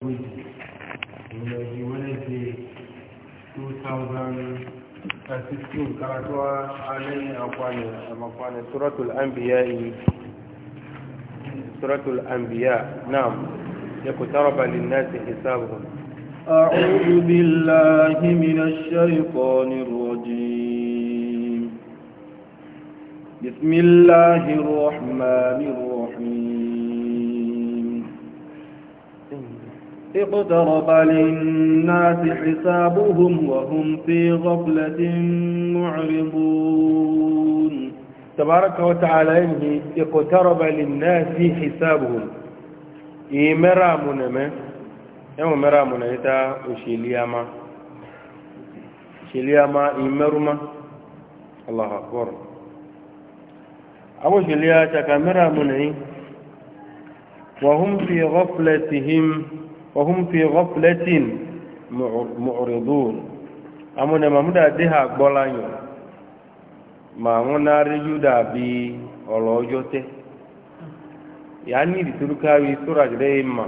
سورة الأنبياء نعم يقترب للناس حسابهم أعوذ بالله من الشيطان الرجيم بسم الله الرحمن الرحيم اقترب للناس حسابهم وهم في غفلة معرضون تبارك وتعالى إنه اقترب للناس حسابهم إمرا منما ẹwọn mẹ́ra mọ̀nà níta òṣèlíàmá òṣèlíàmá ìmẹ́rúmá aláhàkọ́rọ̀ àwọn òṣèlíà ṣàkà mẹ́ra mọ̀nà yìí wọ̀hún fi rọ́pùlẹ̀ tìhìm وهم في غفلة معرضون أمنا ممدا دها قبلانيو ما هنا رجودا بي ولوجوته يعني لتركاوي سورة دائما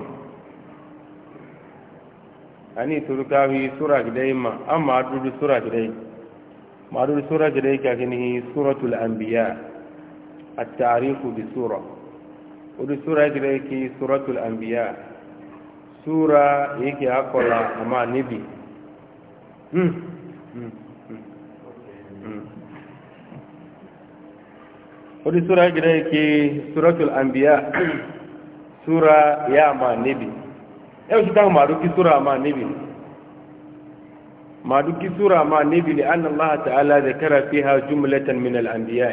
يعني لتركاوي سورة دائما أما أدود سورة دائما ما أدود سورة دائما هي سورة الأنبياء التعريف بسورة ودي سورة دائما سورة الأنبياء sura yake akola ama nibi mm. mm. mm. odi sura gida yake suratul anbiya sura ya ama nibi yau shi kan maduki sura ama nibi maduki sura ama nibi li anna allah ta'ala zakara fiha jumlatan min al anbiya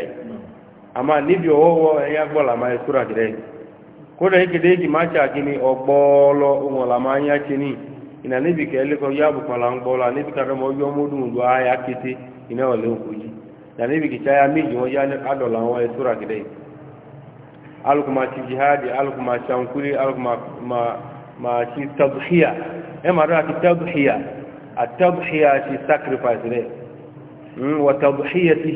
amma nibi wo wo ya gola ma sura gida yake kódà ìkéde ìjì máa ṣe àkíní ọgbọ́ọlọ ohun ọ̀làmọ́ ayé àkíní ìnà níbi kẹ́lẹ́kọ̀ọ́ yá àbùkọ̀là ń gbọ́lá níbi kàdọ́mọ́ yọ mọ́dún ìlú ayé àkété iná ọ̀lẹ́ òkújì ìnà níbi kìí ṣáyà méjì wọ́n yá adọ̀là wọn ẹ̀ tóra kìdẹ́ yìí alukuma ti jihadi alukuma ṣankuri alukuma ma ṣi tabuhiya ẹ máa dọ́ra ti tabuhiya àtabuhiya ṣi sacrifice rẹ̀ wọ́n tabuhiya ti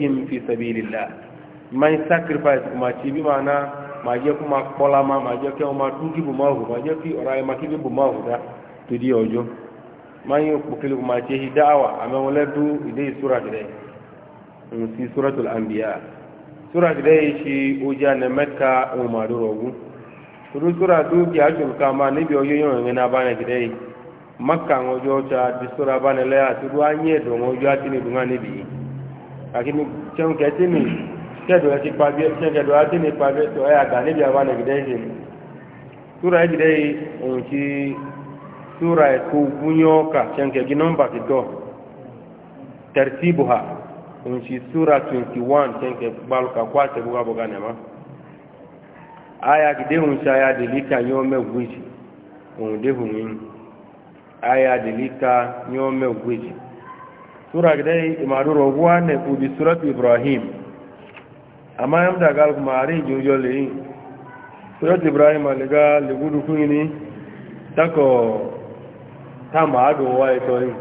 màá jẹ́ kó máa kpọ́lá máa màá jẹ́ kí wọ́n máa dún kí bò máa hù màá jẹ́ kí ọ̀rọ̀ ayé máa kí bí bò máa hù dá tó di ọjọ́ máa yẹ kó kele kó máa tse hidá wa àmọ́ wọn lẹ́ dún ìdé ìsúra tẹ̀lé ń sí suratul anbiya sura tẹ̀lé yìí ṣe ojà nẹ́mẹ́ta ohun màdúró ọ̀gùn tòlú sura tó kí àjòlù ká máa níbi ọyọ́ yọ̀ ẹ̀rẹ́ náà bá nàìjíríà yìí maka àwọn ọjọ́ ta di sura bá nàìjíríà tó dún á nyẹ́ dùn ọjọ́ á ti ní dùn á níbi yìí àkínní tẹ́wọ̀n kẹ́tẹ́ kẹdọ̀ ẹtì pàbí ẹtì kẹdọ̀ ẹtì ní pàbí ẹtì ọ̀yà àgbà níbi àwọn ẹ̀gídẹ́ yìí ni túra ẹ̀gídẹ́ yìí òun ti túra ẹ̀kọ́ gúnyọ́ọ̀kà ṣẹ̀ǹkẹ̀gì nọ́mbà ti dọ̀ tẹ̀rẹ̀tìbùhà òun ti túra twenty one ṣẹ̀ǹkẹ̀ gbalùkà kó àtẹ̀bùkà bọ̀gà nìyàmá ayé àgídẹ́ òun ti ayé àdèlíkà yọ́ mẹ́wùgbèjì òun déhùn yìí ayé àdèlíkà yọ́ mẹ́wùgbèjì túra ẹ̀gídẹ́ yìí ìmàdúró wọ́n nẹ̀kú bí súrọ́tù ibrahim amma yam da gal kuma ari jojo le yi ko ti ibrahim aliga le gudu ku ni tako tamba ado wa eto yi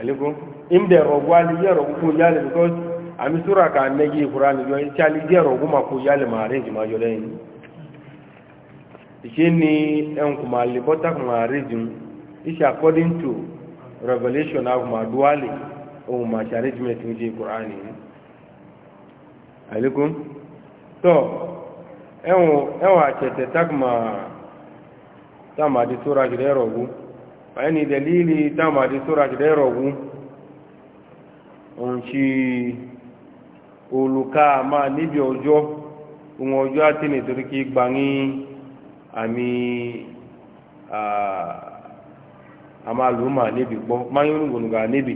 aliko imde rogwali yero ku yale because ami sura ka neji qur'an yo chali yero kuma ku yale mare ji ma yole yi ikini en kuma le bota kuma ari jun is according to revelation of maduali o ma arrangement ni qur'an ni alaikum to ẹwọ àṣẹ̀tẹ̀ tamadi sóra ṣìdẹ́ rọ̀gú ẹni dalili tamadi sóra ṣìdẹ́ rọ̀gú òun ṣe olùká máa níbi ọjọ́ ohun ọjọ́ àti nítorí kí gbaní àmì àmàlùmà níbi gbọ́ máa yóò nígbònúgbà níbi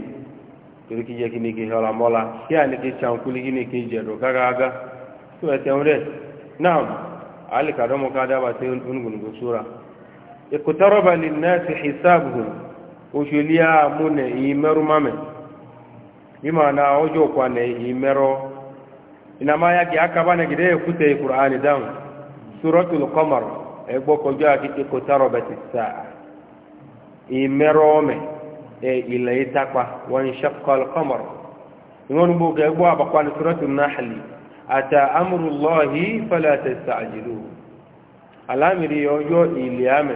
torí kí jẹ́ kí ní kí ọ̀rọ̀ mọ́lá kí à ní kí ṣàǹkúlí kí ní kí jẹ̀dọ̀ gágágá tó ẹ̀tẹ̀ ń rẹ̀ náà alìkàdọ́mọ́ ká dábà tí onígbòǹgbò súra ìkùtọ́rọ̀bà lè náà ti ṣìṣàbùn oṣù ilé àmúnẹ̀ ìyí mẹ́rú mámẹ̀ bí máa na ọjọ́ kwanẹ̀ náà ti sáà ìyí ilẹ̀ yìí takpa wọn ṣẹ́kọ̀ọ́ kọ́mọ̀r ìwọ́n gbogbo kẹgbọ́ àbàkwani sọ́rọ́tù náhàlì àtà amúrùlọ́ọ̀hì fẹ́lẹ̀ àtẹ̀sà àjìlú alámìrí ọjọ́ ilẹ̀ àmì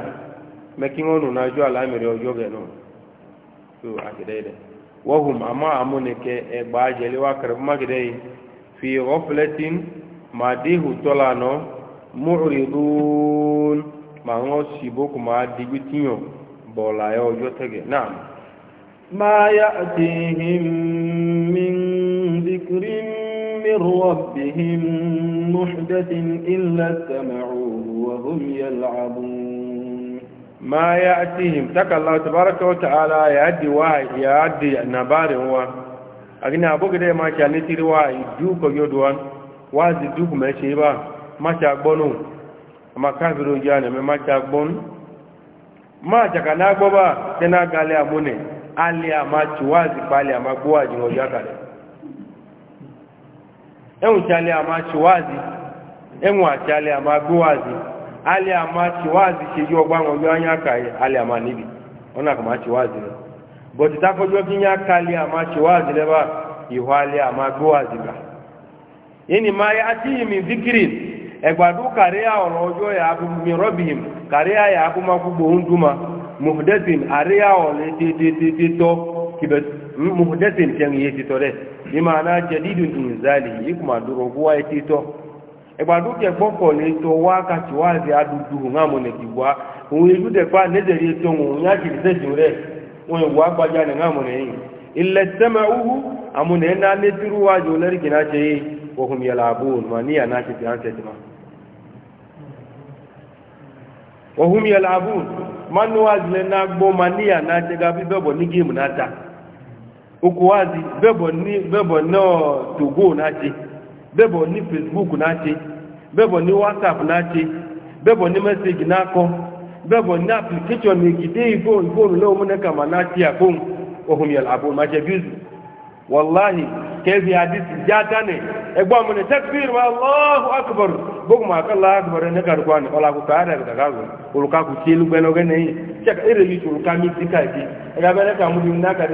mẹ́kí wọn alámìrí ọjọ́ gẹ̀ẹ́nù tó àgẹ́dẹ́ rẹ̀ wọ́hùn àmọ́ àmúnikẹ́ ẹgbà àjẹlé fi tíyàn bọ̀ọ̀lá ọjọ́ tẹ́gẹ̀ náà ما يأتيهم من ذكر من ربهم محدث إلا استمعوه وهم يلعبون ما يأتيهم تك الله تبارك وتعالى يأدي واحد يأدي نبار هو أغنى أبوك دي ما شاء نتير واحد جوك يدوان واحد جوك ما شيبا ما شاء أقبونه أما كافر جانا ما شاء أقبون ما شاء كان أقبوا تنا قال أبونه alẹ́ àmà tíwáàzì palẹ̀ àmà gbówàjì ọjọ́ àkàlẹ̀ ẹ̀hùn tí alẹ́ àmà tíwáàzì ẹ̀hùn àti alẹ́ àmà gbówàjì alẹ́ àmà tíwáàzì ṣe yọ ọgbà ọjọ́ àyàkàlẹ̀ alẹ́ àmà níbi ọ̀nà àmà tíwáàzì rẹ̀ bọ̀tí tákọjọ́ kí yá kalẹ̀ máa yá tí muhdathin ariyawo le tititito kibet muhdathin ken ye tito de imana jadidun inzali ikuma duro kuwa tito ìgbàdó kẹ gbọ́kọ̀ lè tọ wá kàtí wá àti adùdù ńàmù nìkì wá òun ìlú dẹ̀pá lẹ́dẹ̀rẹ́ tó wọn yá jìrì sẹ́jù rẹ̀ wọn ìwà gbajà ní ńàmù nìyí ilẹ̀ tẹ́mẹ̀ uhu àmúnẹ̀ náà lé tírú wá jù lẹ́rìkì náà ṣe yìí wọ́n yẹ làbò mà níyà náà ṣe fi hàn tẹ̀tì mà. wọ́n yẹ làbò manu wazi le na gbo mania na jega bi bebo ni game na ta uku wazi bebo ni bebo no to go na ni facebook na ti ni whatsapp na ti bebo ni message na ko bebo ni application ni gide ifo ifo lo kama na ti akon ohun yal abun ma je bizu wallahi kezi hadisi jata ne egbo mun takbir wa allahu akbar bugu ma ka allah akbar ne kar ko ola ku ka da daga ku ku tilu chek yi tu ka mi tika ki ga bere ka mu ka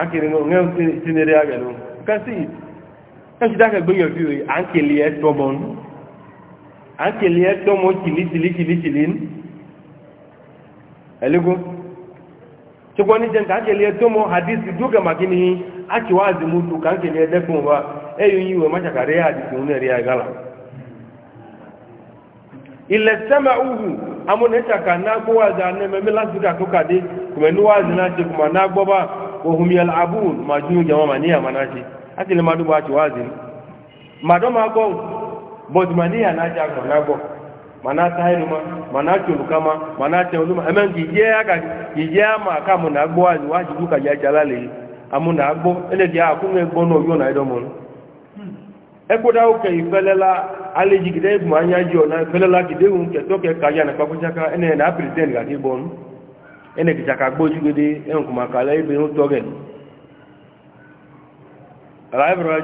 akiri no ngel tinere aga no kasi kasi da ka e to bon an e to mo ti aki wazi mutu kanke ne da kuma ba eyu yiwe mata kare ya di kuma riya gala illa sama'uhu amune taka na go wazi ne me mila suka to kade kuma ni wazi na ce kuma na go ba wa hum yal'abun ma ju jama'a ne ya manaji ati le madu ba ci wazi mado ma go bod mania na ja ko na go mana tahiru ma mana tulu kama mana tulu ma amen ki je aka ki je ma kamu na go wazi wazi duka ya jalale amúnà agbó ẹlẹ́dìá àkúnwé gbọ́ náà yóò náà ẹ̀dọ́mọ́ ẹkọ́dá òkè ìfẹ́lẹ́lá alẹ́jì gidẹ́ ìgbìmọ̀ anyájí ọ̀nà ìfẹ́lẹ́lá gidẹ́ òun kẹtọ́kẹ́ kàyà nà pàkúṣáká ẹnẹ ẹ̀nà àpìrìtẹ́nì gàdí bọ́ọ̀nù ẹnẹ kìsàkà gbójú gidi ẹ̀hùn kùmà kàlẹ́ ibi ń tọ́gẹ̀ aláìbẹ̀rẹ̀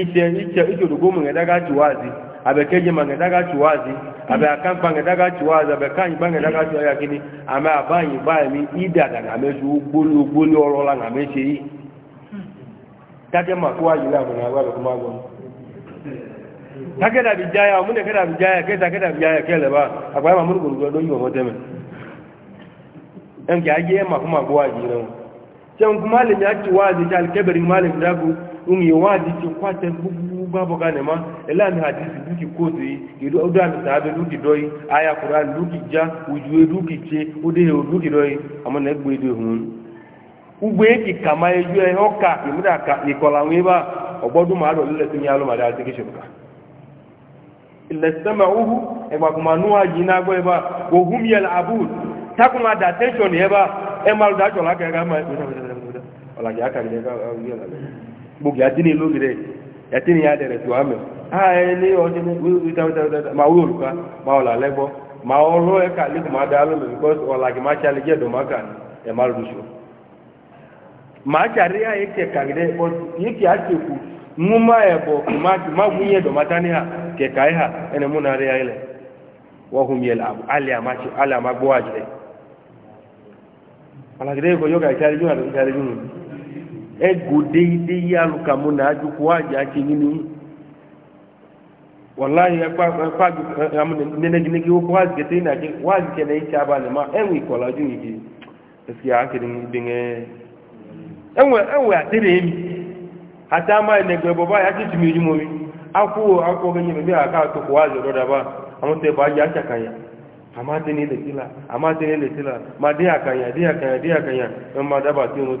ìṣẹ́ abekeje mangadaga chuwazi abe akan bangadaga chuwazi abe kan bangadaga chuwazi akini ama abanyi bayi ida da na mezu gbolu gbolu orola na meshi take ma kuwa yila mwenye na wa kuma gon take da bijaya mu ne kada bijaya ke take da bijaya ke leba akwai ma murgun go don yi wa muteme en ki aje ma kuma kuwa jira sen kuma le ya chuwazi ta alkeberin malin dagu wazi ci kwata gbábọ́gá nìmá ẹ̀láàmì àdìsí dúkì kóòtù yìí ọdọ àmì sàábẹ̀ dúkì dọ́yì àyà kùrán dúkì já ojú duki tse ódé ìhò dúkì dọ́yì àmọ́ nà ẹgbẹ́ ìdè hùn. ugbe kì kàmá ka ẹ ọkà ìmúdà ìkọlà àwọn ibà ọgbọdún máa dọ̀ lílẹ̀ tó yàtí ni ya dẹ̀rẹ̀ tó àmì ààyè ní ọdún wíwítàwítàwítà ma wí olùkà ma ọ̀là lẹ́gbọ́ ma ọlọ́ ẹ̀ka lẹ́kùn ma dáa lómi because ọ̀là kì máa ṣàlẹ̀ jẹ́ dọ̀máka ni ẹ̀ máa lùsù máa ṣàrí àyè kẹ̀ kàgídẹ́ but yìí kì á ṣe kù mú má ẹ̀ bọ̀ kì má gún yẹ dọ̀máta ní ego deidei alụkamụ na ajụkwụ aji aki gini wallahi nenegị na gị wazi kene iche abalị ma enwe ikola jụghị gị esia Ewu ewu enwe atịrị emi ata amaghị na egbe bọba ya chichi m iri momi akwụghị akwụkwọ gị nye mebe aka atụkwụ wazi rọdaba amụta ebe aji ya amadị na na la. ma dị akanya dị akanya dị akanya moto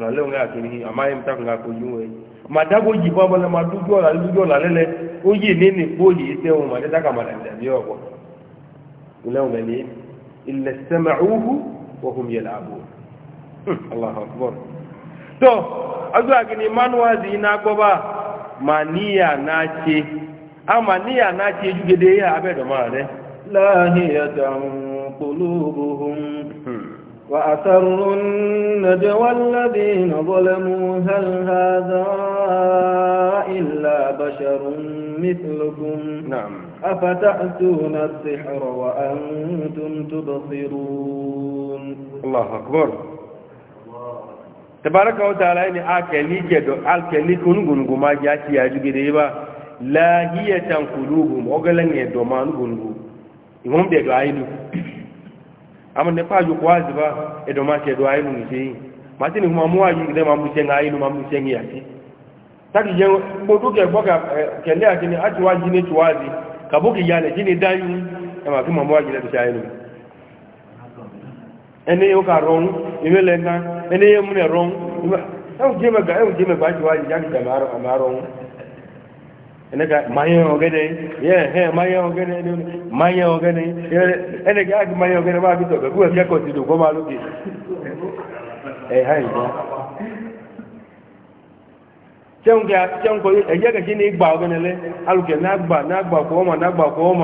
ana leo ngaya kini amaye mtaka ngakujue madago jibamba na madugo la lugo la lele uji nini boli iteo madada kama ndio yoko leo ngani illa sama'uhu wa hum yal'abun Allahu akbar to azwa kini manwazi na goba mania nachi ama nia nachi jugede ya abedo mare lahiyatan qulubuhum وأسروا النجوى الذين ظلموا هل هذا إلا بشر مثلكم نعم أفتأتون السحر وأنتم تبصرون الله أكبر tabaraka wa ta'ala ni akeli ke do alkeli kungun guma ya ci ya jigire ba lahiyatan qulubum ogalan ne do man gungu imam be do ayidu ama ne paju kwazi ba edo make do ayu ngi matini kuma ni yi ne mamu senga ayu mamu sengi yati taki jengo bodu ke boka eh, kende akini ati waji ne tuwazi kabuki yale jini danyu ama e kuma muwa yi ne tusayu ene yo ka ron imele na ene ye mune ron ewu enega maye ogede ye he maye ogede ni maye ogede enega ag ma ogede ba bito ko ti do ko ma lo ki eh hai ba tẹun kẹ tẹun kọ ẹjẹ kẹsí ní gbà ọgbẹni lẹ alùkẹ náà gbà náà gbà kọ ọmọ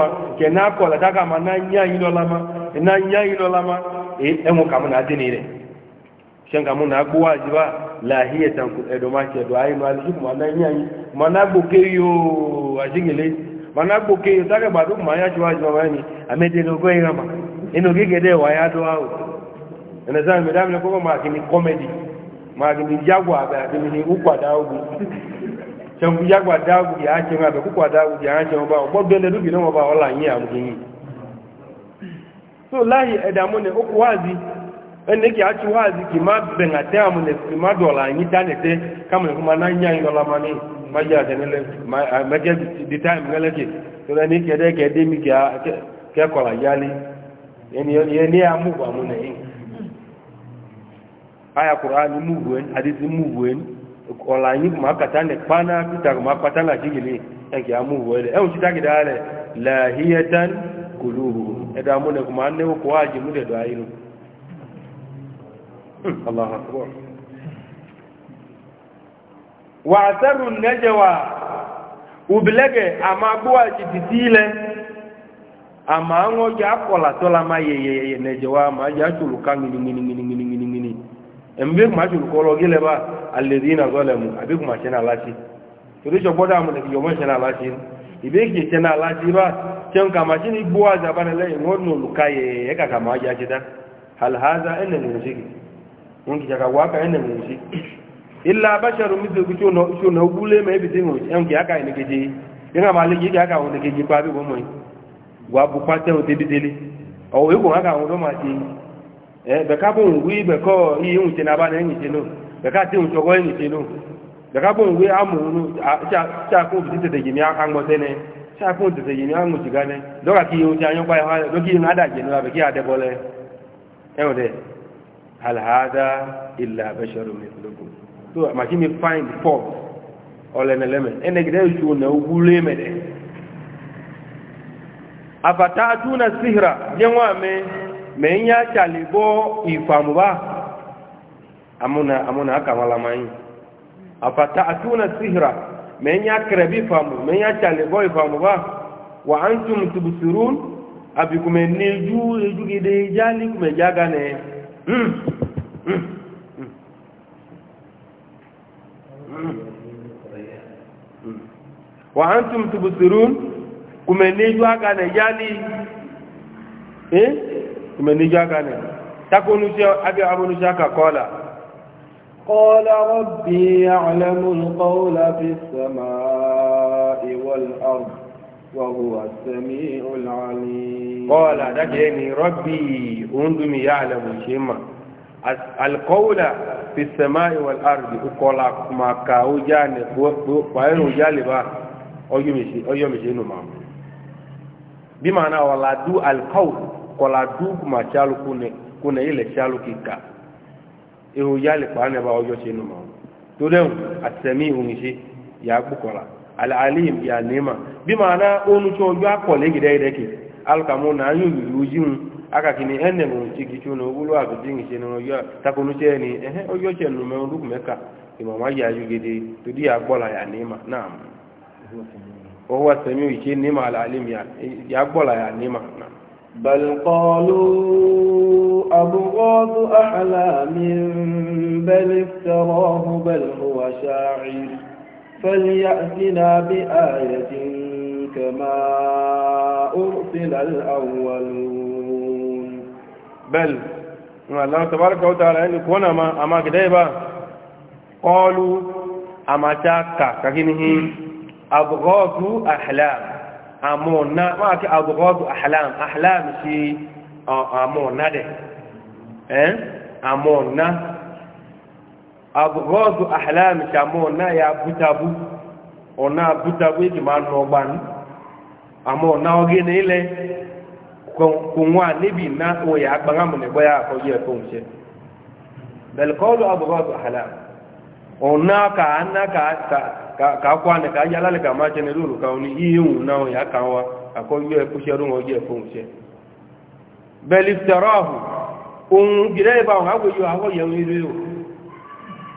náà shanka mun na gbuwa ji ba lahiyatan ku edo ma ke do ayi ma ji kuma nan yayi mana gbo ke yo ajingile mana gbo ke yo ta ba du ma ya ji wa ji ma ni amede do go ira ma eno gege de wa ya do awo ene za mi dam le ko ma ki ni comedy ma ki ni jagwa ba ki ni ukwa da ogu shan ku jagwa da ogu ya ce ma be ku kwa da ogu ya ce ba bo do le du bi no ba wala yin amu yin so lahi edamu ne ukwazi ene ki achu wazi ki mabbe ngate amune ki madola ngitane te kama kuma na nyanyi dola mani maja denele maja di time ngale ki to ene ki de ke de mi ki ke kola yali ene ene amu ba mune aya qur'an mu wen hadith mu wen kola nyi kuma katane pana kita kuma patana jigili enki amu wele e uchi takidale lahiyatan qulubu edamune kuma ne ko waji mu de do ayilu Allahu akbar wàásẹ́rù nẹ́jẹ̀wà òbílẹ́gẹ̀ àmà gbówà jìdì sílẹ̀ àmà ń ọjà akọ̀là tọ́lá máa yẹ̀yẹ̀yẹ̀ nẹ́jẹ̀wà àmà ajá tòlù ká gbìnìgbìnìgbìnìgbìnì ẹ̀mí kùmà tòlù kọ́ lọ́gí lẹ́bà alẹ́dí iná zọ́lẹ̀ mu àbí kùmà ṣẹ́ náà láti torí ṣọ gbọ́dọ̀ àmọ̀ lẹ́kì yọmọ́ ṣẹ́ náà láti ìbí kì í ṣẹ́ náà láti bá ṣe ń kàmà sí ní gbówà zabanilẹ́yìn wọ́n nù lùkà yẹ̀yẹ̀ kàkà máa jẹ́ àṣẹ́dá alhaza ẹ̀ yanki jaka waka ene ngoji illa basharu mithu kuchono chono ubule ma ebi dingo yanki aka ene geje yanga mali aka one geje pa bi wa bu o dele o we ko aka ono ma ti eh be ka bon wi be ko yi na ba na yin ti no be ka ti go ti no be ka bon wi amu nu cha cha ko bi aka ngo tene cha ko de de gimi aka ngo ti ha do ki na da je no ba ki hal hada illa basharu mithlukum so machine me find fault all an element ene gide ju na ugule mede afatatuna sihra jenwa me me nya chalibo ba amuna amuna akamala mai afatatuna sihra me nya krebi famu me nya chalibo ba wa antum tubsirun abikumeni ju ju gide jali kumejaga ne wa antum tubsirun kumenijwa gane jali eh kumenijwa gane takunu abi abunu shaka qala قال ربي يعلم القول في السماء والأرض وهو السميع العليم قال دجني ربي أندم يعلم شيما القول في السماء والأرض أقول ما كاو جاني فايرو جالبا أيومشي أيومشي نما بمعنى ولا دو القول kola dugu ما شالو kune kune ile calu kika ihu yali kpaane ba ojo sinu ma tudeu asemi hungi si yaa al'alim ya nema bi ma'ana onu cho yo akole gide ide ki alkamu na yu yujin aka kini enne mo chiki a ulo abidin se no yo na che ni eh oyo che nu me nduk meka imama ya yu gide to di agbola ya n'ima naam nema al'alim ya ya ya nema بل قالوا أبغاض أحلام بل افتراه بل هو فليأتنا بآية كما أرسل الأولون بل الله تبارك وتعالى يقول ما أما كديبا قالوا أما تاكا كهنه أبغاث أحلام أمونا ما كي أبغاث أحلام أحلام شي آه، أمونا ده إيه؟ أمونا abghadu ahlam chamo na ya butabu ona butabu ji ma no amụ na oge ni ile kunwa nibi na o ya gbara mu ne boya ko je ko nse bal ona ka anaka ka ka kwa na ka yala le ma chene lulu ka ihe iyu na o ya akọ wa ko je ko ya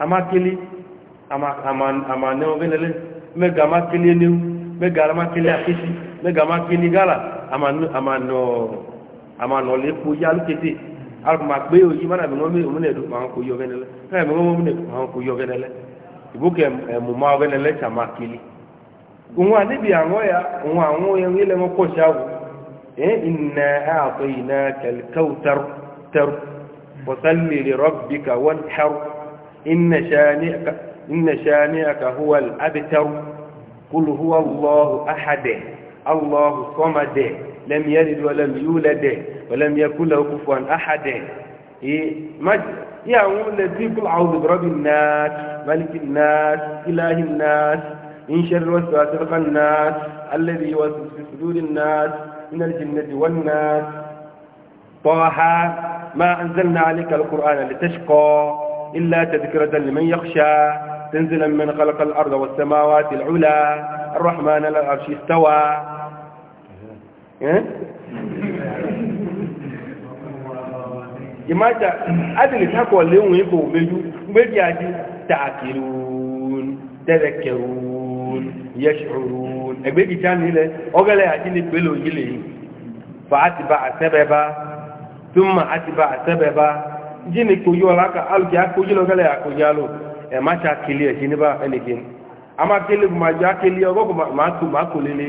amakele amane ogenele mega amakele eneu mega amakele apiti mega amakele gala amane ole kpo yi alukete alukuma gbe oyi mana mi ŋɔmi omune do ma ko yi ogenele mana mi ŋɔmi omune do ma ko yi ogenele ibuke emuma eh, ogenele tsa amakele ŋun anibi aŋɔ ya ŋun aŋɔ ya ŋun ele ŋɔ kɔsi awu ee ina ha ato yina kɛlɛ kaw taru taru wasalli li إن شانئك إن شانئك هو الأبتر قل هو الله أحد الله صمد لم يلد ولم يولد ولم يكن له كفوا أحد إيه؟ يا مجد الذي قل أعوذ برب الناس ملك الناس إله الناس من شر الوسواس الناس الذي يوسوس في صدور الناس من الجنة والناس طه ما أنزلنا عليك القرآن لتشقى إلا تذكرة لمن يخشى تنزلا من خلق الأرض والسماوات العلى الرحمن على للأرش استوى يا إيه؟ ماذا أدري تاكو اليوم يبو مجو بيجي أجي تأكلون تذكرون يشعرون أبدي تاني لي أقول يا جيني بلو جلي فأتبع سببا ثم أتبع سببا jini kojú ọ̀la ka alùpùpù akójú lọ́gẹ́lẹ́ akójú alo ẹ̀ má ṣe akele ẹ̀ jini bá ẹnìkan ama akele kò máa jẹ akele ọgọ́ kò máa tó máa kò lele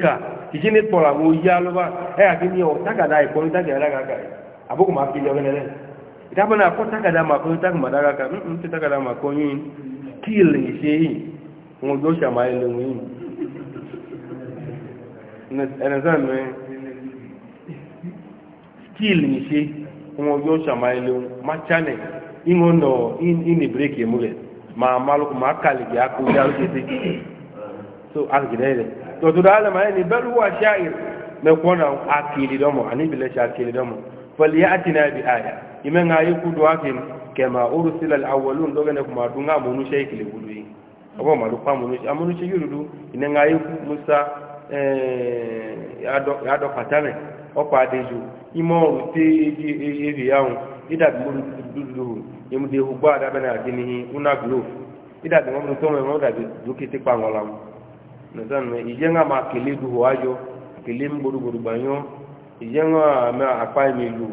ka ìjini kpọ̀la wò yá ló bá ẹ̀ àkíní ọ̀ tágàdá ìkọ́ ní tágàdá kàkà àbókò máa kele ọ̀gẹ́lẹ́ lẹ́ ìdábọ̀ kill nise wọn yóò ṣàmáyélé má chánẹ ìwọn nọ ìní bírèkì múlẹ máa má lóko má kàlìkì akóyá lókèdè so àgìdẹ rẹ tọdọdọ alẹmọ ẹni bẹẹlú wà ṣáàyè mẹkọ náà àkèlè dọmọ àníbìlẹ ṣe àkèlè ya pẹlú àti náà bi àyà ìmẹ ń ayé kú dọwà kìíní kẹmà oru sílẹ awọlú ndọgẹ ní kùmà dùn náà mọnú ṣe ìkìlẹ gbọdọ yìí ọgbọn màdù pa mọnú ṣe amọnú ṣe yóò dúdú ìnẹ ń ayé kú musa ẹẹ yàdọ pàtánẹ ọkwa adịjụ ime ọrụ tee eji ehi ahụ ịdabimurududuhu emude ugbo adabe na adị n'ihi una glof ịdabi nwa mụta onwe ọdabi dukịtị kpanwụla m ije nga ma kelee duhu ajọ kelee gburugburu gbanyụọ ije nga ma akpa emelu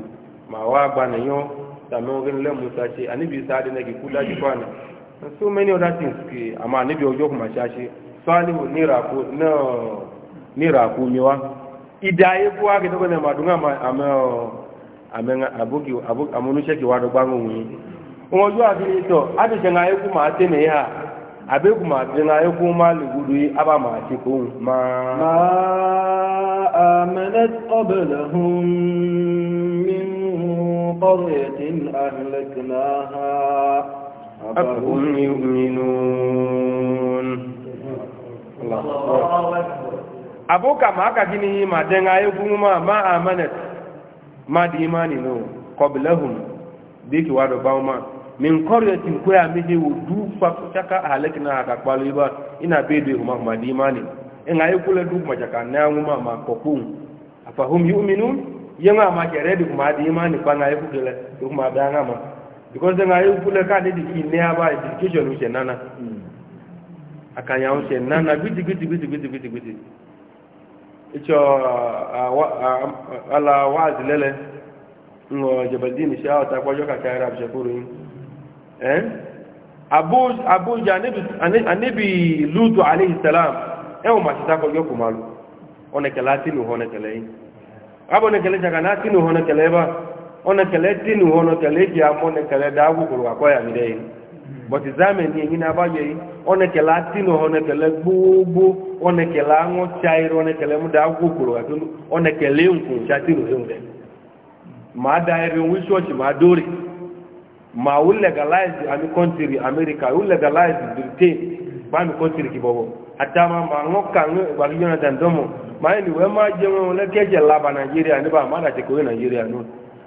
ma so many other things idaye fún wa kìtọ́ kọ́nà màdùn àmúnúṣẹ́kì wa dọ́gbà ń wòye wọn yóò àti ìtọ̀ àdìsẹ́ ń ayékú máa tẹ́ nìyí ha àbẹ́kù máa tẹ́ ń ayékú máa lè gbúdú yìí ábà máa ti kó hùn abụka ma aka gị n'ihi ma denga egwu ma ma amanet ma di imani no kọbilehum dịka wadọba ma min kọrịọti nkwe a mihe wudu fafuchaka halek na aka kpalu iba ina bedo ihuma ma dị imani nga ekwule duk majaka na anwụ ma ma kọkpun afahum yu'minun yenwa ma kere dị kuma dị imani kwa nga ekwukele duk ma bịa nga ma because nga ekwule ka dị dị ine aba education uche nana hmm. akanya uche nana gbiti gbiti gbiti gbiti gbiti icho uh, uh, uh, um, ala waazi lele ngo jabaldini sha ta kwa joka ka arab shakuru eh abu abu janibi anibi lutu alayhi salam e eh, o ma ta kwa joka malu one kala tinu hone kala yi abo ne kala na tinu hone ba one kala tinu hone kala ki amone kala dawu ko kwa ya midei bọ̀tí zámẹ̀ni ẹ̀yìn náà bá yẹ yìí ọ̀nẹ̀kẹ̀lá tínú ọ̀nẹ̀kẹ̀lẹ̀ gbogbo ọ̀nẹ̀kẹ̀lá wọn ṣáìrọ̀ ọ̀nẹ̀kẹ̀lẹ̀ múdà gbòkòrò àti ọ̀nẹ̀kẹ̀lẹ̀ nǹkan ṣàtìrò ẹ̀hùn rẹ̀ máa da ẹrin wí ṣọ́ọ̀ṣì máa dóòrè máa ó legalize àmì kọ́ntìrì amẹ́ríkà ó legalize britain bá mi kọ́ntìrì kì bọ̀bọ̀ àtàwọn máa ń kà ń gbàgbé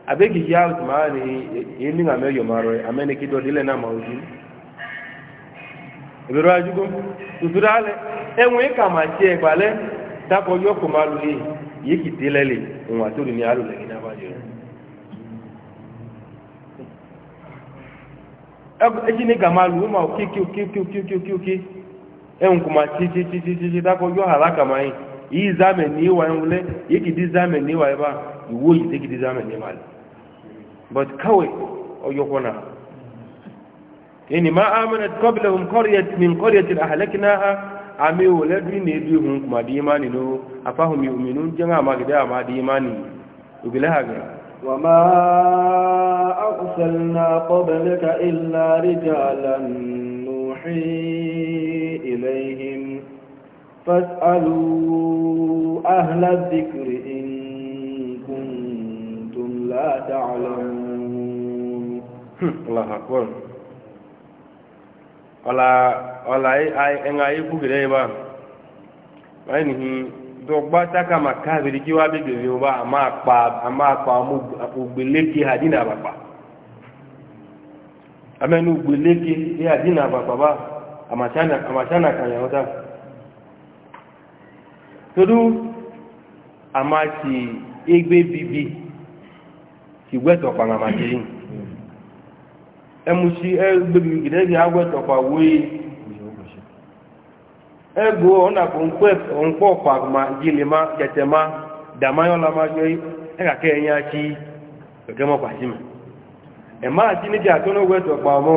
abegi yao maani yini nga meyo maro amene kido dile na mauji ibiro ajugo tuturale enwe kama che gbale dako yo ko maluli yiki dilele nwa turu ni alu legina bajo ego eji ni gamalu ma ki ki ki ki ki ki ki ki enwe kuma chi chi chi dako yo haraka mai yi zame ni wa enwule yiki di zame ni wa eba iwo yi teki di zame ni mali but kawai oyo kona yani ma amanat qablahum qaryat min qaryatin ahlaknaha ami waladu ne bi hun kuma di imani no afahum yu'minun jama ma gida ma di imani ubila haga wa ma arsalna qablaka illa rijalan nuhi ilayhim fas'alu ahla dhikri in لا تعلمون الله e, e, e, ba ọ̀la ọ̀la ẹ̀ngà ikú gẹ̀rẹ́ ibá ẹ̀nìyí dọ̀gbá sáka ma káàkiri kí wá bí gẹ̀rẹ́ ọba a máa pa ògbèléke àdínà àbàpà amẹ́nu ògbèléke ní àdínà àbàpà bá àmàṣánà kàyàwó tá tọ́dú a máa ti egbe bibi. igwetọkwa na maka eyi emuchi egbegide gị agwetọkwa wee ego ọnakpụ nkwe ọkwa ma jilima ketema damayọlamago ịgaka ma achi ekemọkwachi m ẹ̀má chineke àtọ́ ní wẹ́tọ̀ ọ̀pá ọmọ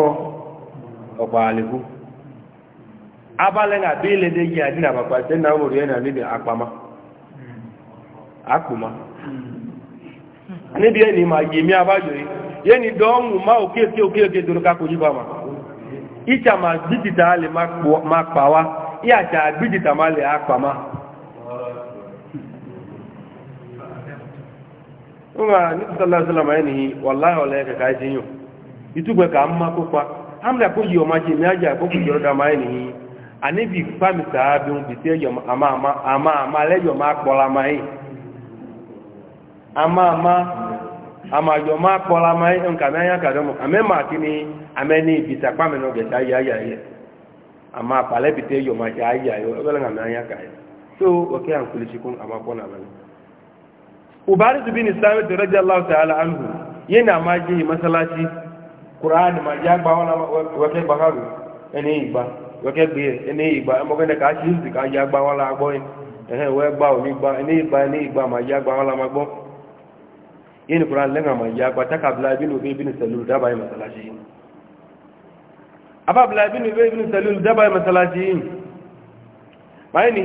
ọ̀pá àlèkú abálẹ́gà bí ilẹ̀ dé yìí àdínà àpapà tẹ́nà òrì ẹ̀nà nílẹ̀ àpamá àkùmá níbi ẹni ma yèmí abájò yìí yẹni dọ́ọ̀mù má òkè òkè òkè kò yípa ma ìjà ma gbíjìta lè ma pa wá ìyàjà ma lè apà ma wọ́n ma ní sọ́lọ́sọ́lọ́ ma ẹni wàláhì kẹ̀kẹ́ ìtúgbẹ̀ má yí ọmọ jẹ́ ma ẹni yìí àníbi pàmìtà bí wọn bìtẹ́ àmà àmà má yìí ama ama amadzɔ ma kpɔ la ma e, nka mɛ anya ka dɔ mɔ amɛ ma kini amɛ ni bita kpamɛ nɔ gɛsɛ ya ya ayi ama kpalɛ bita yɔ ma ya ya ayi o bɛ lɛ ya ka yi so o kɛ yan kulisi kun ama kɔ na mɛ ubari tu bi ni sáré tɛrɛ di alahu ta'ala anhu ye na ma je masalasi kuran ma ja gba wala wɛkɛ gba ka do ɛnɛ yi gba wɛkɛ gbe yɛ ɛnɛ yi gba ɛmɔkɛ ne k'a si ka ja gba wala gbɔ yi ɛhɛn wɛ gba o ni gba ɛnɛ yi gba ɛnɛ ma ja gba wala ma gbɔ. yin kuran lenga mai ya kwata ka abdullahi bin ubay bin salul da bai masalaci aba abdullahi bin ubay bin salul da bai masalaci bai ni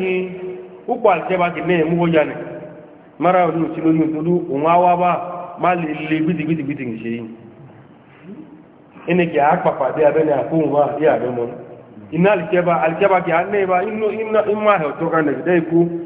uku aljaba ki ne mu hoja ne mara ni ci lo yin dudu umma wa ba ma le le bidi bidi bidi ni shi ina ki akpa pa de abene akun wa ya be mo ina aljaba aljaba ki anne ba inno inna imma he to kan ne dai ku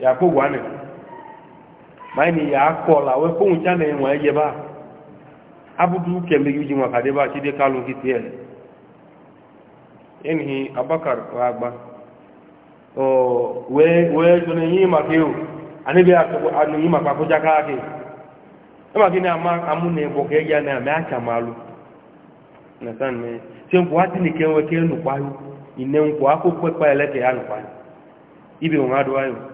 yakobo ani maa ni la o fóun tí a nà ɛwọn ɛyɛ bá abudu kɛmɛ yi dzi wọn kàdé bá tsi dé kalu kìtì yɛ ɛnì abakar wà gbà ɔ wɛ wɛ tɔnɛ yín ma ké o ani bɛ anu yín ma kó akódza ká ké ɛ ma ké ni ama amu nɛ bɔ kɛ ya nɛ mɛ atsa ma lu nasan mɛ sɛnko ati ni kɛwɛ kɛ nukpa yi inɛ nko akó kpɛkpɛ ya yi ibi wọn adu ayi o.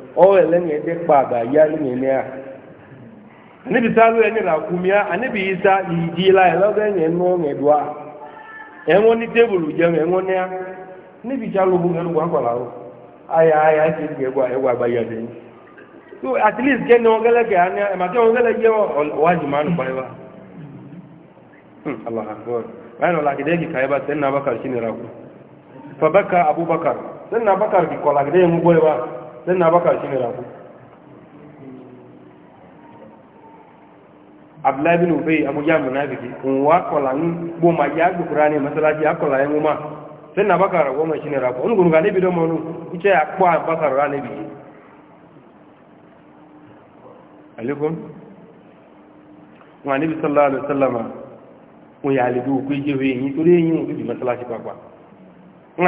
ɔwɔ lɛ ŋa ɛdɛ kpa ga ya ne eme nɛa anibi salu yɛ ya, lakumia anibi yisa yidi la ya lɔbɛ ŋa ɛnu ŋa doa ni tebulu ŋa ɛŋɔ nɛa anibi salu bu ŋa lukua kɔla o aya aya ya so at least kɛ ne wɔn kɛlɛ na anɛ ɛmatɛ wɔn kɛlɛ yɛ wa nyuma nu kɔ yɛ ba abubakar ba. dan na baka shine rago abdullahi bin ubay amuja munafiki in wa kola ma ya bi ne masalaji akola yin ma sai na baka rago ma shine rago un gurga ne don monu ya kwa baka rago ne bi alaikum wa nabi sallallahu alaihi wasallam un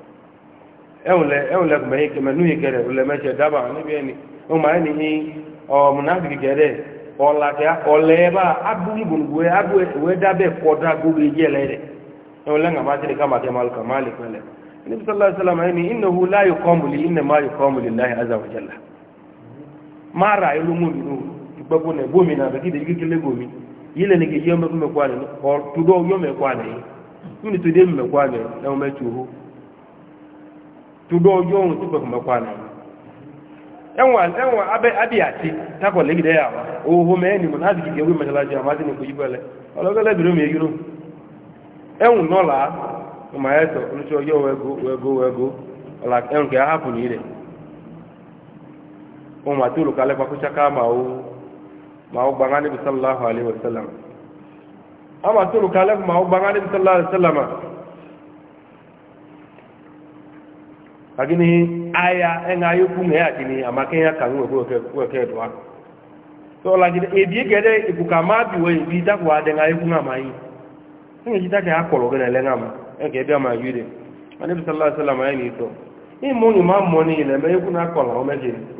ẹ̀hùn lẹ́kùn mẹ́yìn kẹmẹ́nú yìí kẹrẹ̀ lọ mẹ́ṣẹ̀ dábà níbi ẹni o máa ní ní ọmọnàfíkì kẹrẹ̀ ọ̀làkẹ́ ọ̀lẹ́ bá abúgbùgbùgbù ẹgbẹ́ dábẹ̀ kọjá gbogbo ẹjẹ́ lẹ́rẹ̀ ẹ̀hùn lẹ́ngà bá tẹ́lẹ̀ káàmà kẹmà kàmà lè pẹ́lẹ̀ níbi sọ́lọ́sọ́lọ́mà ẹni ìnáwó láyò kọ́mùlì ìnàmá yò kọ́mùlì láyò azàwọ̀jẹ́lá máa ra ìlú mú mi nù ìgbẹ́gbó nà gbómi nà àbẹ̀kí dèjì kékeré gbòmí yìí lẹ́nu kì í yọ mẹ́kú mẹ́kú àná ọ̀túndọ̀ yọ mẹ́kú àná yìí mí ni tó dé mẹ́kú àná ẹ̀ ẹ̀ tudo yóò tó gbẹ̀kùn mẹ́kọ́ àná ẹwọ̀n ẹwọ̀n e takọ̀ lẹ́gidẹ́ yà wá owó mẹ́ni mọ̀ láti kìkẹ́ wí mẹ́sàlájì àwọn àti nìkú yíbẹ̀lẹ̀ ọlọ́gẹ́lẹ́ bìrì mi yúrò ẹwọ̀n nọ́là ọmọ ẹ̀tọ́ oníṣẹ́ ọjọ́ wẹ́gó wẹ́gó wẹ́gó ọ̀là ẹwọ̀n agini aya enga yoku me agini amake ya kan wo ko ko ke do so la gidi e bi gede iku ma bi we bi nga yi ta ke akolo le e bi ani sallallahu alaihi wasallam to ni ma mo ni le me na akolo o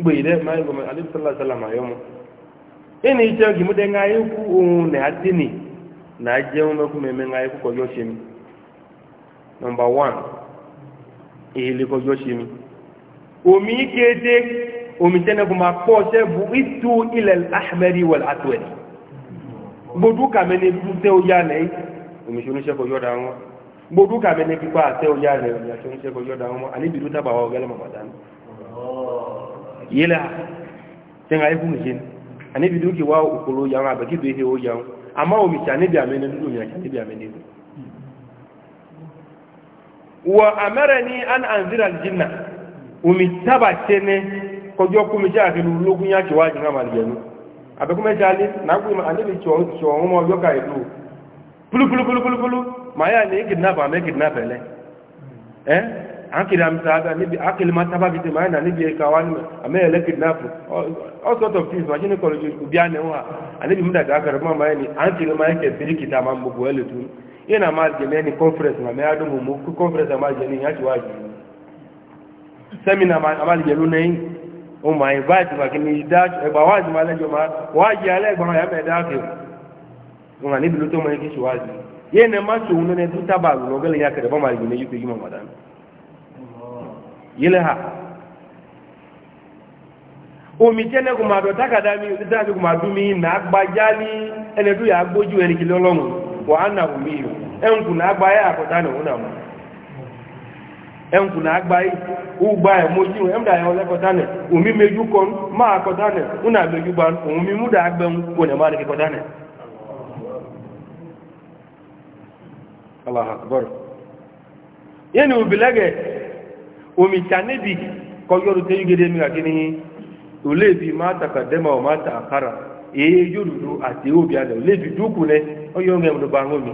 gbe ma ngo me ani sallallahu alaihi wasallam mo de nga ne atini na je èlé kọjọ́ ṣe mi omi kéde omi tẹ́nẹ̀kù máa pọ̀ ṣẹ́ bu ìtú ilẹ̀ ahmadi wal atwẹ̀d gbodú kàmẹ́ ní ibi tẹ́ ó yá nẹ́ omi ṣe oníṣẹ́ kọjọ́ da wọn gbodú kàmẹ́ ní pípa àtẹ́ ó yá nẹ́ omi ṣe oníṣẹ́ kọjọ́ da wọn àní ìbìlú tábà wa ọ̀gẹ́lẹ̀ màmá dání yẹlẹ tẹ́ngà ikú nìṣẹ́ àní ìbìlú kì wá òkòló yàwọn àbẹ̀kí bèèrè ó yàwọn àmọ́ omi ṣàníbì àmẹ́ni dúdú omi ṣàníbì àmẹ́ni dúdú wa amarani an anzira aljanna umi tabatene kojo kumi ja ke lugun ya ke waji ngama aljanu na ku ma ande bi cho cho mo yo ka edu pulu pulu pulu pulu pulu maya ne kidnap ame eh an kira msaada ni taba bi ma na ni bi ka wan ame ele kidnap all sort of things wajini ko bi ane wa ane bi muda ga ka ma ma ni an kira ma ke biri kitama mbugo ele yana ma jele ni conference na me adu mu ku conference ma jele ni hati waji seminar ma ma jele ne o ma invite ba kini da e ba waji ma lejo ma waji ale gba ya me da ke won ani bilu to mo ki waji ye ne ma so ne du ta ba lo gele ya kere ba ma jele yu ki ma madan yele ha omi jẹ́nẹ́ kò máa dọ̀tá kàdá mi òtítà mi kò máa dún mi nà á gbajá ní ẹnẹ́dúyà agbójú ẹnikìlọ́lọ́run wà á nà omi yìí ẹnkù náà gbáyé àkọ́tà nìhun náà mọ́ ẹnkù náà gbáyé ugbà ẹ̀ mojú ẹ̀mdà ẹ̀ ọlẹ́kọ̀tà nì omi mejú kan máa kọ́tà nì ń nà mejú gbà òun mi múdà agbẹ̀hún kò ní máa ní òbílẹ́gẹ̀ omi kọjọ́rù tẹ́yí mi àti ní olébi máa yóò àti olébi dúkù lẹ ń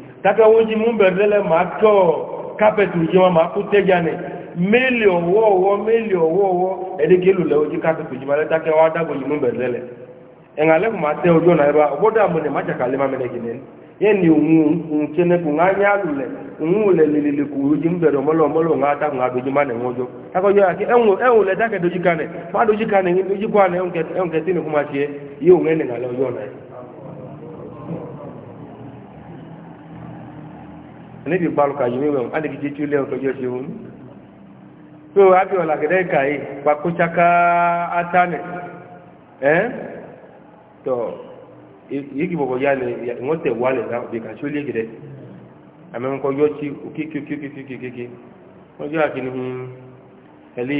taka wonji mumberdele mako kapet ujima makutegane meli owo owo meli owo owo edekelu le oji kapet ujima le taka wa dago ji mumberdele engale kuma te ojo na ba oboda mune macha kalima mele ginen yeni ungu unchene kunganya lule ungu le lilili kuuji ngata ngabe juma ne ngojo tako yo aki e e enwu kane ma doji kane ngi doji kwane onke e onke tini kuma tie yo ngene ngale ojo níbi ìpalùkà yìí wẹ̀wọ̀n adìgíjì tí ó lẹ́ ọ̀tọ́jọ́ ṣe wọn tó ábíọ̀ làgẹ́dẹ́ ìkàyè pàkóṣaká átánẹ̀ ẹ́ tọ̀ yìí bọ̀bọ̀ yá lẹ̀ wọ́n tẹ̀ wá lẹ̀ náà bí kà sí ó lé gẹ̀dẹ́ àmẹ́kọ́ yọ tí kíkíkíkíkíkíkí wọ́n jẹ́ àkíní hmm, ẹ̀lí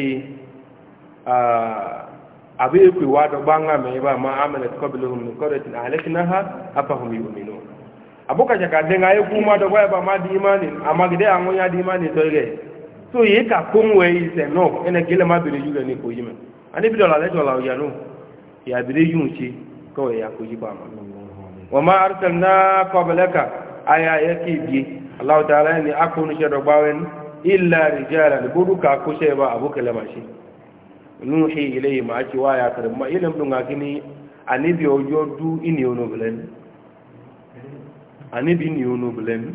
àbí èkó ìwádọ́gbá ń hàn mẹ́ ibà máa àmẹ́lẹ̀ kọ́bìlì òmìnir abuka chaka denga ye kuma to kwa ba ma di imani amagide angonya di imani to ile so ye ka kumwe ise no ene gele ma bere yule ni ko yime ani bi dola le dola ya no ya bere yun chi ko ya ko yi ba ma wa ma arsalna qablaka aya yake bi allah ta'ala ni akunu shado bawen illa rijalan buduka ko she ba abuka lama shi nuhi ilayhi ma ci wa ya tarma ilam dunga kini anibi ojo du ini ono bilen anibi ni ono blem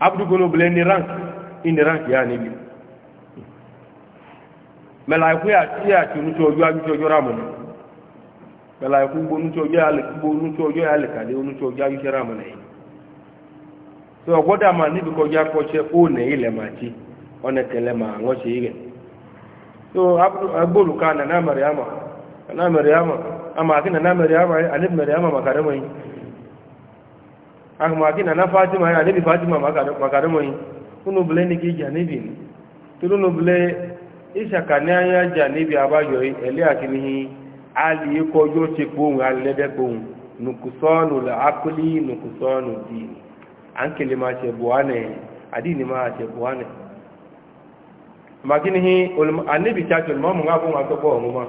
abdu gono blem ni rank in rank ya anibi melaiku ya ti ya ti nu tojo abi tojo ramon melaiku bo nu tojo ale bo nu tojo ale kale nu tojo abi ramon e so ogoda ma ni bi ko ja ko che o ne ile ma ti ona kele ma ngo che ige so abdu abulu kana na maryama na maryama ama akina na maryama alib maryama makarama yi ahumaki nana fatima ya nebi fatima makadamo yi unu bile ni ki janibi ni turu nu bile isaka ni anya janibi abayo yi ele ati ni ali iko yo ti pohun alede pohun nukusonu la akuli nukusonu dini an kele ma se buwane adini ma se buwane makini hi anibi chacho mo mu ngabo ma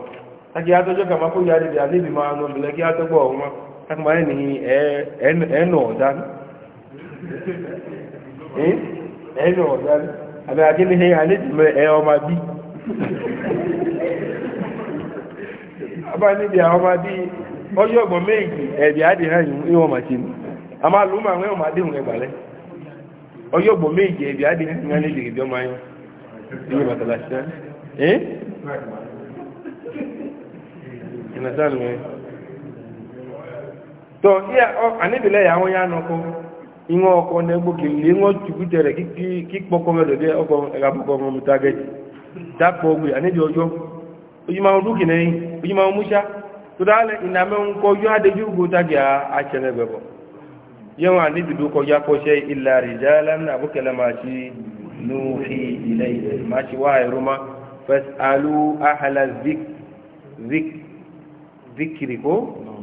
taki ato joka yari bi anibi ma no bile akama yẹn ni ẹnu ọ̀dán ẹnu ọ̀dán àmì àkíní ṣe àlejò ẹ ọmọ bí abá níbi àwọn ọmọ bí ọjọ́ ọgbọ̀n méjì ẹ̀bí àdì ìwọ̀n màṣẹ ni e a máa lù máa wẹ́n ọmọ adéhùn ẹgbàlẹ́ ọjọ́ ọgbọ̀n méjì ẹ̀bí ìwọ̀n tọ ihe anịbile ya ahụ ya anọkọ ihe ọkọ na-egbo kili ihe ọchukwutere kikpọkọmedode ọkọ ga-abụkọmụta gị dapụ ogbe anịbi ọjọ ojimanwụ duki na eyi ojimanwụ musa tó dáálẹ̀ ìnàmẹ́ ń kọjú àdéjú ugbó tàbí àṣẹlẹ̀bẹ̀bọ̀ yẹ́wọ̀n àdébìdó ya pọ́ṣẹ́ ịlarị àríjá lánàá àbúkẹ́lẹ̀ máa fes ahala zik zik zikiri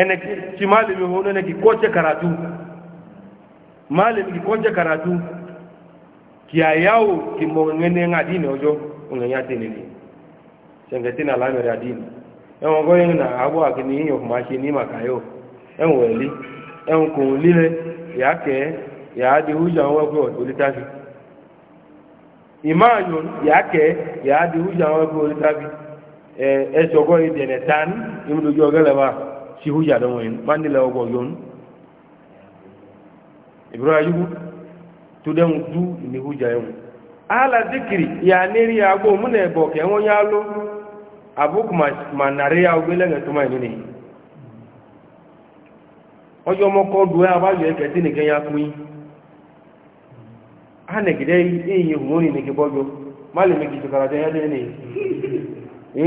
eneki ci malami hono eneki koce karatu malami ki koce karatu ki a yawo ki mo ngene nga dini ojo ngene ya tene ni senge tina la mere adini ewon go yin na abo akini yo ma se ni makayo ewon weli ewon ko lile ya ke ya de huja won ko olitafi imanyo ya ke ya de huja won ko olitafi eh esogo idene tan imdu jo ti hu yàdọ̀ wọn mandi la ọgbọ̀ yọ̀n ìbúra yíwú tó dẹ́hùn dú ní hu ala zikiri ya neri ya gbọ́ na ẹ̀bọ̀ kẹ́ lọ àbúkù ma nàrí ya ọgbẹ́ lẹ́gẹ̀ tó máa nínú yìí ọjọ́ mọ́kọ́ dùn ẹ́ ya kú yín a nẹ̀gẹ̀dẹ́ yìí èyí hùwọ́n ní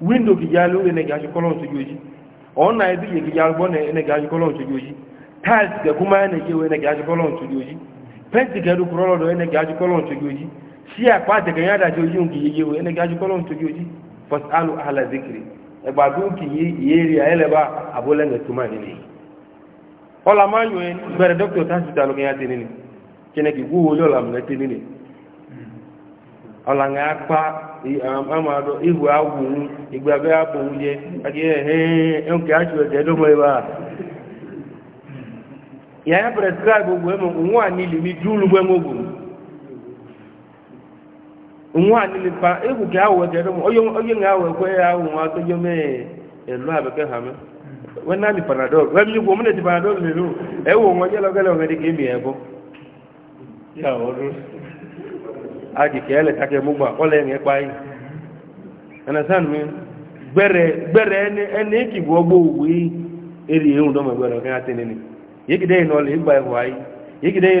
windo kijalu ene gaji kolon sojoji ona e biye kijalu bone ene gaji kolon sojoji tiles ga kuma ene ke ene gashi kolon sojoji penti ga du krolo do ene gaji kolon sojoji si apa de ga yada joji un kiye we ene gaji kolon sojoji fasalu ahla zikri e ba du kiye yeri ele ba abole ne tuma ni ni ola manyo en bere doctor hospital ga yati ni kene ki guwo lo la mle ni ni ola nga pa amado ihu igbe igwe abịa ehe nke a chụrụ edo m ebe a ya ya prescribe ogwe m nwa n'ilimi julu gbe m nwa n'ili pa egwu ka awụ edo m onye na awụ ekwe ya awụ nwa atụjọ mee elu abeke ha me wọn náà ní panadol wọn ti panadol ẹ̀wọ̀n wọn jẹ́ lọ́gẹ́lẹ́ mi ẹ̀ bọ́ ajìkẹ́ ẹlẹ́kàkẹ́ múgbà ọlẹ́ ẹ̀yẹn páyì ẹ̀nàsán mi gbẹ̀rẹ̀ ẹni ìkìgbọ́ gbọ́ òwe èrè ẹ̀hùn dọ́mọ̀ gbẹ̀rẹ̀ ọ̀kẹ́ àti nìní yékìdẹ́ ìnà ọlẹ́ ìgbà ẹ̀hùn ayé yékìdẹ́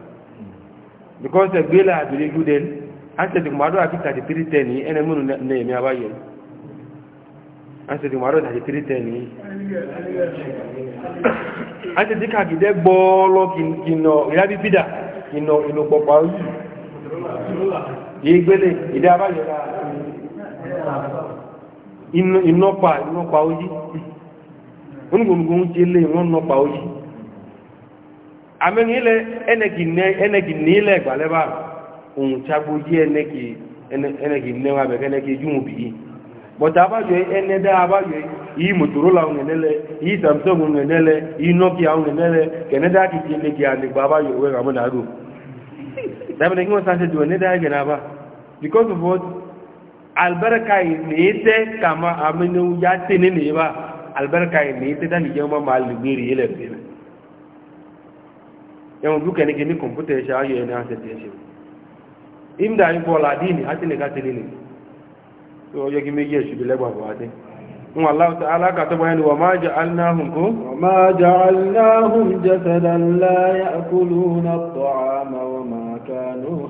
because the ẹgbẹ́ la àdúrí gúdẹ́lì ansẹ̀tì kùmàdó àti 3310 ní ẹnẹ múnú ní èmì àbáyẹ ansẹ̀tì kùmàdó 3310 ní ansẹ̀tì kàkìdẹ́ gbọ́ọ́lọ́ kìnnà ìrábí pídà kìnnà ìlòpọ̀pọ̀ yìí yìí gbélé ìdẹ́ àbáyẹ ìnọ́pàá ìnọ́pàá yìí onígbòmùgbòmù ti lé wọ́n nọ́pàá yìí amẹ́ni ilẹ̀ ẹnẹ́gì ní ilẹ̀ ìgbàlẹ́bà ohun tagbo jí ẹnẹ́gì nẹ́wà bẹ̀kẹ́ ẹnẹ́gì jùun bìí bọ̀tà abájọ́ ẹnẹ́dá abájọ́ yìí motorola ohun ẹ̀nẹ́lẹ̀ yìí samsung ohun ẹ̀nẹ́lẹ̀ nokia ohun ẹ̀nẹ́lẹ̀ kẹ̀nẹ́dá kìkì ẹnẹ́gì àlẹ́gbà abájọ́ owó ẹ̀rọ àmọ́dàdó dábìlẹ̀ kí wọ́n sáṣẹ́ jù ẹnẹ́dá ẹ̀gẹ̀ náà bá because of what albarka yìí ní tẹ́ ya tẹ́ nínú yìí bá albarka yìí ní tẹ́ nìjẹ́ wọn máa lè gbé rí ilẹ̀ bẹ̀rẹ̀ yawon duka ne gini kwamfuta ya sha'ayi ya nasa da shi inda yi bola dini hati ne kati ne so ya gi mege shi bi lagwa ba wate in Allah ta'ala ka ta bayani wa ma ja'alnahum ko wa ma ja'alnahum jasadan la ya'kuluna at-ta'ama wa ma kanu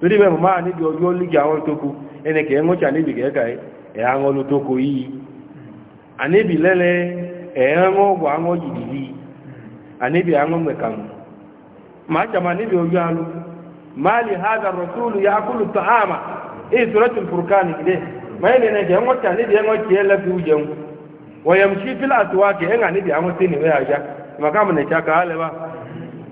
torí bẹ́ẹ̀ mọ̀ máa níbi ọjọ́ lígi àwọn tókù ẹnìkẹ́ ń wọ́chà níbi kẹ́ẹ̀kà ẹ̀ àwọn olótókò yìí àníbi lẹ́lẹ́ ẹ̀ẹ́rán ọgbọ̀ àwọn yìí yìí àníbi ya kúlù tó àmà èyí tó rẹ́tù fúrukánì kìdẹ́ máa yẹn nìkẹ́ ń wọ́chà níbi ẹ̀ wọ́n tiẹ̀ lẹ́fi wú jẹun wọ̀yẹ̀mùsí fílà tó wá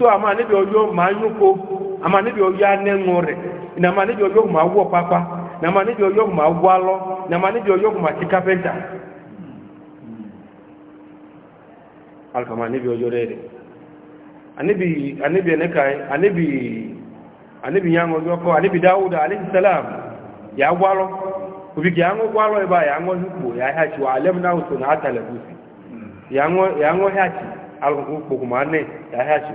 tó a máa níbi ọjọ́ máa ń yúnko a máa níbi ọjọ́ anẹ́ńgọ́ rẹ̀ ìnà máa níbi ọjọ́ máa wọ́ pápá ìnà máa níbi ọjọ́ máa wọ́ alọ́ ìnà máa níbi ọjọ́ máa ti kápẹ́ntà. alùpàmọ́ àníbi ọjọ́ rẹ̀ rẹ̀ àníbi àníbi ẹ̀nẹ́ka àníbi àníbi yàngọ́ yọkọ àníbi dáwúdà àníbi sálàmù yà wọ́ alọ́ òbí kì yàngọ́ wọ́ alọ́ ibà yàngọ́ yúkpò yà hàchì wà alẹ́ Yàngọ́ yàngọ́ hàchì alùpùpù kùmà ánẹ́ yà hàchì.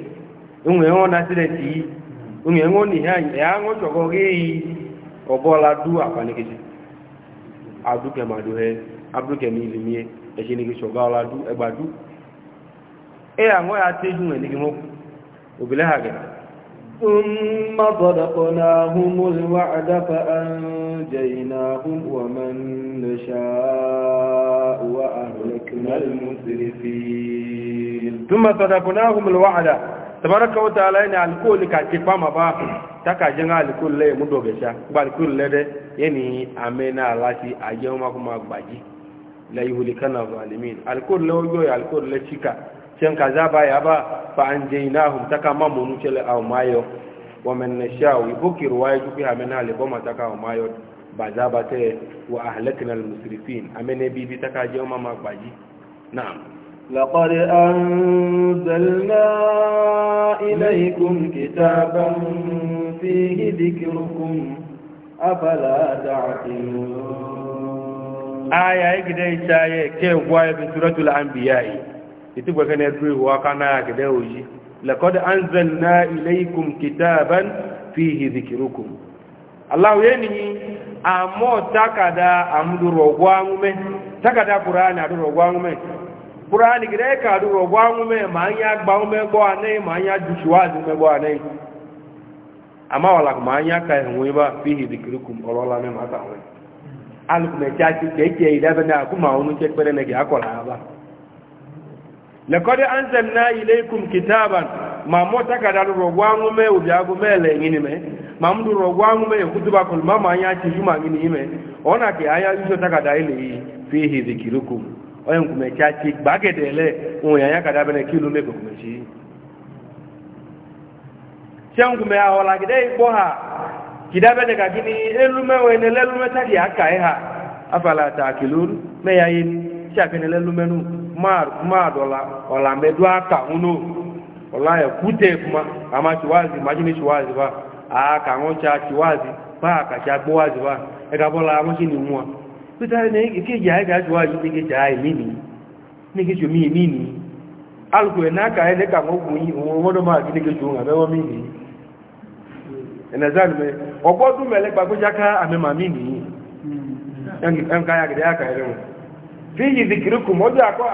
unwe ngo na asịrị ti ya du adu e se du e gbadu ya ha ثم صدقناهم الوعد فأنجيناهم ومن نشاء وأهلكنا المسرفين ثم صدقناهم الوعد tabaraka wa ta'ala yana alkoli ka ke fama ba ta ka jin alkoli lai mu dobe sha ba alkoli lai dai yani amena alati a yau ma kuma gbaji la yuhlikana zalimin alkoli lai yoyo alkoli lai cika can ka ba ya ba fa an jainahum ta kama mu nuce la au mayo wa man nashau yubuki ruwaya juki amena aliboma ta ka au mayo ba za ba ta wa ahlakna almusrifin amene bibi ta ka jin ma gbaji na'am لقد أنزلنا إليكم كتابا فيه ذكركم أفلا تعقلون آية كده إشاية كيف واي في سورة الأنبياء يتبقى كان يدري هو كان كده وجي لقد أنزلنا إليكم كتابا فيه ذكركم الله يعني أمو تكدا أمدر وغوامه تكدا قرآن أدر وغوامه kurani gire ka duro gwa ngume ma anya gba ume ane ma anya jushuwa ume gbo ane ama wala ma anya ka enwe ba fihi dikrukum olola ma tawe al kuma chaati ke ke ida bana kuma unu ke pere ne ke akola ba laqad anzalna ilaykum kitaban ma mota ka duro gwa ngume mele ngini me ma mduro ngume kul Ma anya chi juma ngini ime ona ke aya yuso taka da ile fihi oyin kume chachi gbagede le un yanya kada bene kilu me ko kume chi chen kume a ola gide igbo ha kida bene ka gini elume we ne lelume tadi aka ha afala taakilun me ya yin chachi ne lelume nu ma dola ola me do aka uno ola ya kute kuma ama chiwazi majini chiwazi ba a ka ngocha chiwazi ba ka chagbo wazi ba e ka bola mo chi ni mu pítà ní ìkéjì àìdájú wájú nígbèjì àìmí ni nígbèjì omi ìmí ni alùpù ẹ̀nà àkà ẹ̀lẹ́kà mọ́kùn yí òun ọmọdọ́ máa kí nígbèjì ohun àmẹ́wọ́ mí ni ẹ̀nàzáàlùmẹ́ ọgbọ́dún mẹ́lẹ́ gbàgbójáká àmẹ́mà mí ni ẹnkà àgẹ̀dẹ̀ àkà ẹ̀lẹ́wọ̀n fi yìí zikirikù mọ́jọ́ akọ́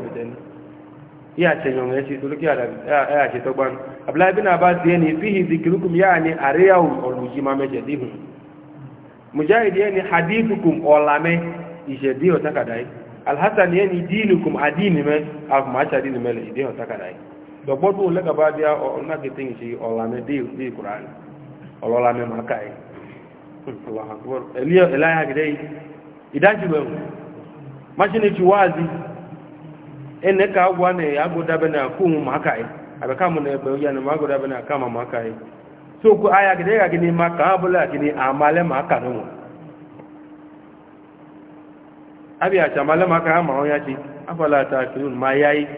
abi iya ceyon ya ce tuluki ya ce tagban abdullahi bin abbas ya ne fihi zikirukum ya ne ariyahum oluji ma meje dihun mujahid ya ne hadithukum olame ise di o takadai alhassan ya ne dinukum adini me afu ma sha dini mele ide o takadai dogbo bu lega ba dia o na ke tin shi olame di di ene ka agwa na ya goda be na ku e. mu maka yi abaka mu na be ya na magoda be na kama maka yi e. so ku aya gide ga gini maka abula gini amale maka no abi acha male maka ma on ya ci afala ta kirun ma yayi e.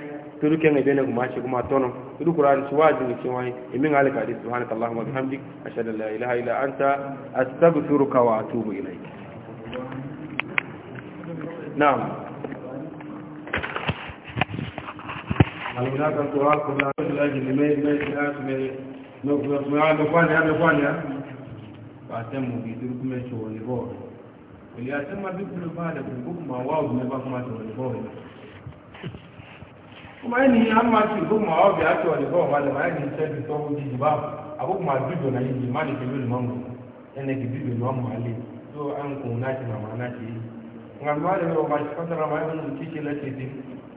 turu ken ebe ne kuma shi kuma tono turu qur'an ci wazi ni ci wai imin alaka di subhanaka allahumma bihamdik ashhadu an la ilaha illa anta astaghfiruka wa atubu ilaik na'am àlùmíláta tó wá kọlá lọ́jọ́lájì ní mẹ́rin láti mẹ́rin lọ́pọ̀lọpọ̀ àdọ́fáàní àdọ́fáàní á pàtẹ́ mú bí dúró kúmẹ́ ṣe wọlé bọ́ òlì àti má bí kúrò bá dẹ̀ kúrò kúmà wá òbí mẹ́fà bụ ṣe wọlé bọ́ rẹ̀ kúmà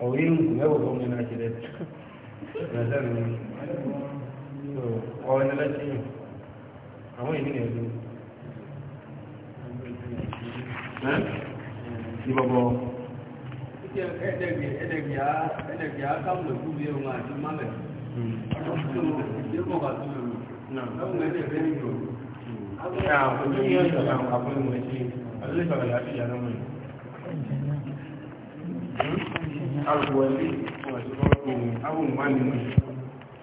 or even whoever was in Nigeria. So, or in the last year. I want you to do. Ti bọ̀bọ̀. Ẹ̀dẹ̀gbìá káàmù ẹ̀kú bí ohun àti mọ́lẹ̀. Ìjẹ́bọ̀ bá tó lòrò. Lọ́wọ́n ẹ̀dẹ̀gbẹ́ ìjọ. Àwọn ènìyàn ìṣọ̀lá àpọ̀ ìmọ̀ ẹ̀ṣẹ́. Àlúlẹ̀ ìṣọ̀lá àti ìyànà mọ̀ awọlé ọ̀ṣọ́kù awọ̀mọ́nìmọ̀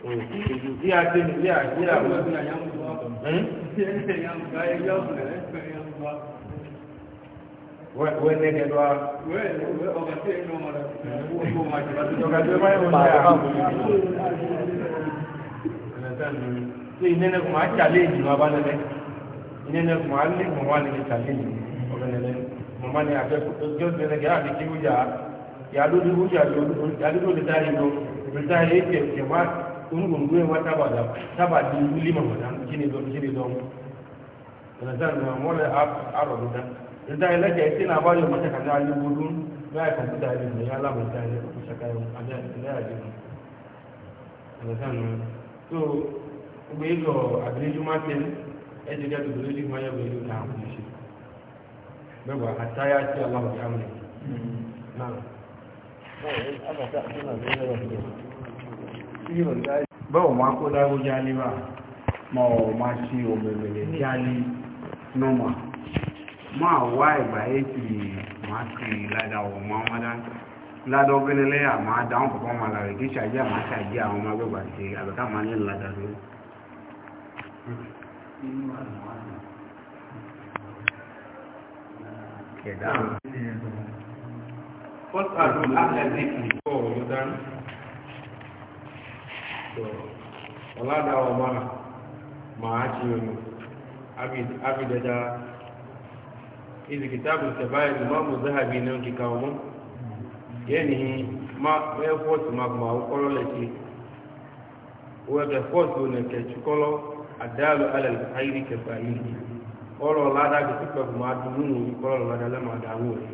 òkú tí a dé nílé àgbé àwọn wọ́n ní ẹ̀dọ́ a. ọ̀gá tí ẹ̀yin ọmọ rẹ̀ kó máa jẹ́ ọ̀gá tí ẹ̀yin ọmọ rẹ̀ kó máa jẹ́ so inene kuma a challenge ma ba nene inene kuma a le kuma wa nene challenge ọbẹ nene mọ̀mọ́ ni a fẹ́ kó tó jọ́ nene kí a fi kí wújà ya dole hujja ya dole da tare no da tare yake jama'a kun gunguwe wata ba da ta ba di liman wata shine don shine don da zan na mola a rubuta da tare lake yake na ba da mata kaza ali gudun ya yi kwamfuta ya ne ya lamun ta ne kusa kayan a da ya ji da zan na so gbé lọ àgbéléjúmọ́ tẹ ẹ̀jẹ̀ jẹ́ àgbéléjúmọ́ báwo máa kó dágó jálí bá mọ́ ọ̀ máa ṣe òmìnirẹ̀ jálí nọ́mà máa wá ìgbà ètì máa kì í ládà ọ̀ máa wọ́n dá ládọ́ gẹ́lẹ́lẹ́ àmà dáhùn pọ̀pọ̀ máa làrẹ̀ kí ṣàjẹ́ àmà ṣàjẹ́ àwọn ọmọ ṣe àbẹ̀ká máa ní ládà lórí kẹ̀dá first ask you ask that thing before you done so ọlada ọba máa ṣe ọ̀nà abidada ìzìkìtà àbùsẹ̀ báyìí ìmọ̀mù záhàbí náà kíkà ọmọ yẹ́ ni ẹ́fọ́ọ̀tì máa kùmà ọkọ́rọ́ lẹ́sí wẹ́kẹ̀ fọ́ọ̀tì onẹ̀kẹ̀ tukọ́lọ́ àdáàlù alẹ́ àìrí kẹfà yìí ọ̀rọ̀ ọ̀làdà kìtìpẹ̀ kùmà dùnmù ìkọ́rọ̀ ọ̀làdà lẹ́mọ̀ àdáwò rẹ̀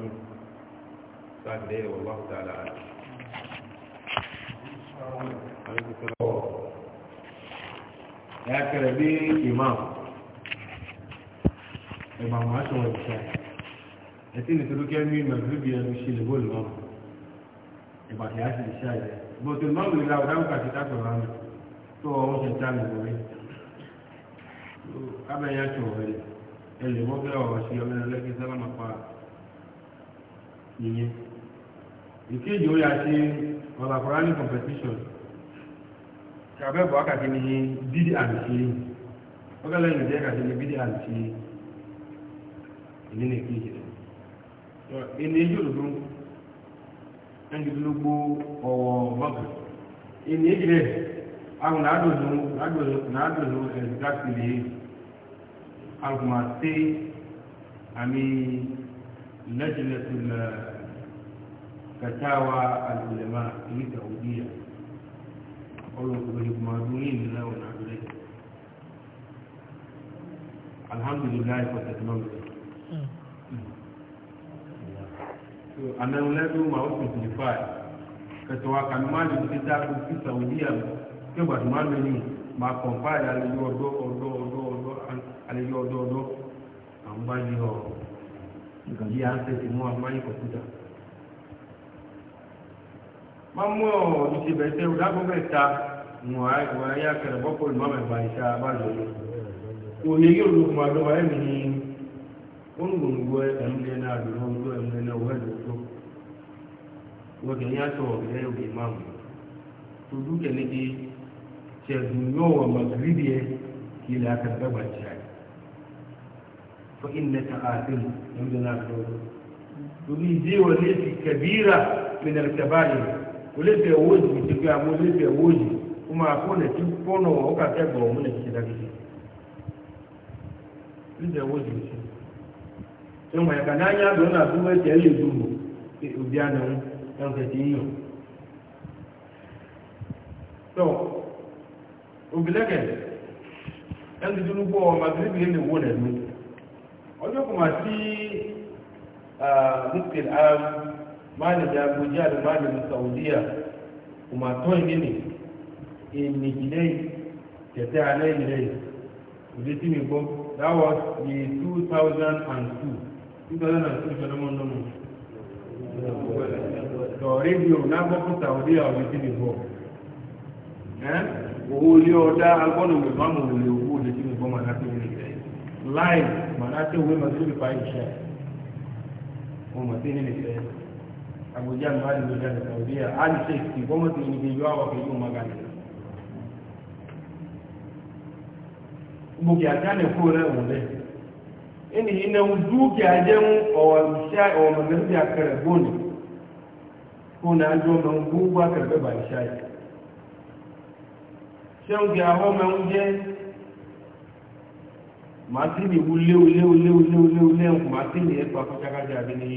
sáàdì lẹ́yìn wọ́n bá kúta àlà àti. ẹ kẹrẹ bí imam ẹ máa máa ṣọwọ́ ìṣe ẹ tí nítorí kẹ́ ní mẹ̀lúbí ẹnu ṣe lè bóòlù náà ìbàdí á sì ṣe àyẹ̀ bọ̀tẹ̀ náà lè ra ọ̀dà òkà sí tákùn rán tó ọwọ́ ṣe tá lè wọlé kábẹ́yà ṣọwọ́ ẹ̀ ẹ lè wọ́pẹ́ ọ̀rọ̀ ṣe ọmọ ẹlẹ́gbẹ́ sálámà pa ìyẹn ìkéjì ó yà ṣe ọ̀làkùnrin competition ṣàbẹ̀bọ̀ wákàtí ni bídí àǹtí ọgọ́lẹ̀ ìlú jẹ́ kàtí ni bídí àǹtí ìlú ní ìkéjì rẹ̀ ẹni ẹjọ́ òdòdó ẹnjúdúlógbó ọwọ́ bọ́ọ̀kì ẹni ẹjì rẹ̀ àwọn nàádòdó ẹ̀dùkásílẹ̀ àwọn àti àmì lẹ́jìnlẹ̀ tó lẹ́ẹ̀ fatawa al-ulama ní saudiya ọlọ́gbọ̀n ìgbìmọ̀dún ní ìlú wọn abúlé alhamdulilayi fọ̀tẹ̀tẹ̀mọ́mù so anáwọ̀lẹ́dún ma ó sì fi fà kẹtọ̀wà kanúmọ́lù ti dákú sí saudiya tí wà túnmọ́lù ní ma kọ̀ǹfà àlejò ọdọ́ ọdọ́ ọdọ́ ọdọ́ àlejò ọdọ́ ọdọ́ àwọn bá yí ọ yí à ń tẹ̀sí mú mamọ ìṣèbẹ̀tẹ̀ ọ̀dàgọ́mẹ̀ta wọ́n ayé akẹrẹ bọ́pọ̀ ìmọ̀ mẹ́fà ìṣá abájọ yìí òye yóò ló kùmà ló wáyé mi ní onígbòǹgbò ẹ̀mílẹ̀ náà lọ́wọ́ ọjọ́ ẹ̀mílẹ̀ náà wọ́n ẹ̀dùn tó wọ́n kì í yàtọ̀ ọ̀gẹ́ òkè máàmù tòdú kẹ́lẹ́kẹ́ ṣẹ̀dùn yóò wọ̀ màgírídì ẹ̀ kí ilẹ̀ akẹrẹ bẹ́gbà jẹ́ ẹ̀ fọ́ àdéhùn ẹ̀mílẹ̀ náà lọ́wọ́ olébìẹ̀ owó yìí ti gbé àwọn olébìẹ̀ owó yìí ó máa kó lè ti fọ́nà ó kà kẹ́gbọ̀n òun lè ti dàgìdì olébìẹ̀ owó yìí ti ṣe wọn ẹ̀ka náà yá lọ́nà àdúgbò ẹ̀jẹ̀ lè dùn òbí àná ẹ̀hún tẹ̀sí yàn. tó òbílẹ̀kẹ̀ ẹni dúdú gbọ́ ọmọ àgbélébì lè wọ́n ẹ̀mí ọjọ́ kò máa sí ah, mùsùlùmí malami abuja da malamin saudiya kuma toy ne in nigilai da ta halayi rai ojiti mi gbọ́ that was the 2002 2002 ṣe lọ́mọ lọ́mọ tọ̀ rédíò lágbọ́kú saudiya ojiti mi gbọ́ owó ilé ọ̀dá agbọ́nà òwe máa mọ̀ òwe owó ojiti mi gbọ́ máa láti òwe rẹ̀ láì máa láti òwe máa tó lè fa ìṣẹ́ wọn mọ̀ sí nínú ìfẹ́ abuja mali wajen da saudiya an ce gwamnati ne ke yiwa wa kai magana dúkìá jáde kó rẹ̀ wọ̀n lẹ́ ẹni iná dúkìá jẹ́ ọ̀wọ̀ ìṣá ọ̀wọ̀ mọ̀lẹ́bí akẹrẹ bóni kó náà jọ mọ̀ gbogbo akẹrẹ bẹ́bà ìṣá yìí ṣẹ́un kí àwọn ọmọ ẹ̀hún jẹ́ matini wu lewu lewu lewu lewu lewu lewu matini yɛ kpa kɔtsakadza bi ni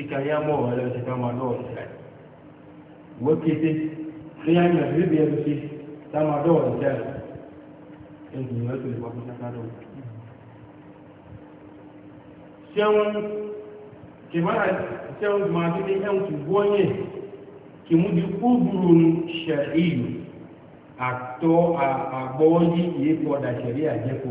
ika ya mɔ ɔlɛ ɔsi kama dɔ ɔsi ayi wo kete eya nya bebi yɛ lusi kama dɔ ɔsi ayi ɛdi yɛ ɔsi kpa kɔtsakadɔ sɛwọn kemara sɛwọn matini ɛwọn ti gbɔ nye kemudi kuduru nu sɛ iyu atɔ agbɔwɔdzi yɛ kpɔ da sɛri adzɛko.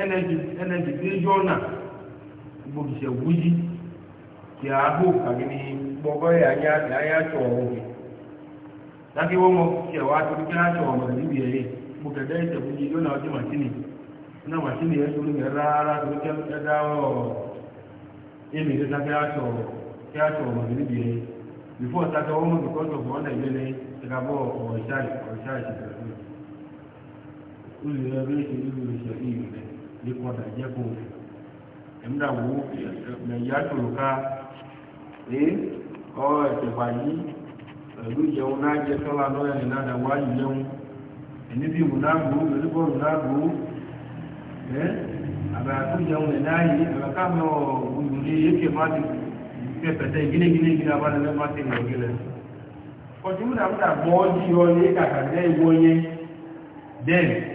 energy energy tí ń yọ̀nà gbogbo ìṣẹ̀ wúyí kí a hó kàgé ní gbogbo ẹ̀ ayáṣọ òkè láti wọ́n mọ̀ kí ẹ̀wà tó kí á ṣọ ọ̀nà níbi ẹ̀yẹ mo kẹ̀dẹ́ ìṣẹ̀ wúyí yọ̀nà ọdún màṣínì iná màṣínì ẹ̀ sórí ẹ̀ rárá tó kí ẹ dá ọ̀ ẹ̀mí ẹ̀ sá kí á ṣọ kí á ṣọ ọ̀nà níbi ẹ̀yẹ before sáké wọ́n mọ̀ because of ọ̀nà ìlẹ́ni ìgbàgbọ́ ọ̀ṣáì ọ̀ṣáì ṣe likɔda jɛko ɛmda wo mɛ ya e, tolo ka ee ɔ ɛtɛfa yi ɛlu yɛwo na jɛ tɔla lɔ yɛ nina da wa yi yɛwo ɛni bi mu na gbo ɛni bɔ mu na gbo e, ɛ abatu yɛwo nina yi abaka mɛ ɔ wuyu ni eke ma ti kɛ pɛtɛ gine gine gine aba lɛ ma ti ŋɔ gele kɔtun na mu na gbɔ ɔdi yɔ ye kaka dɛ wɔ dɛ.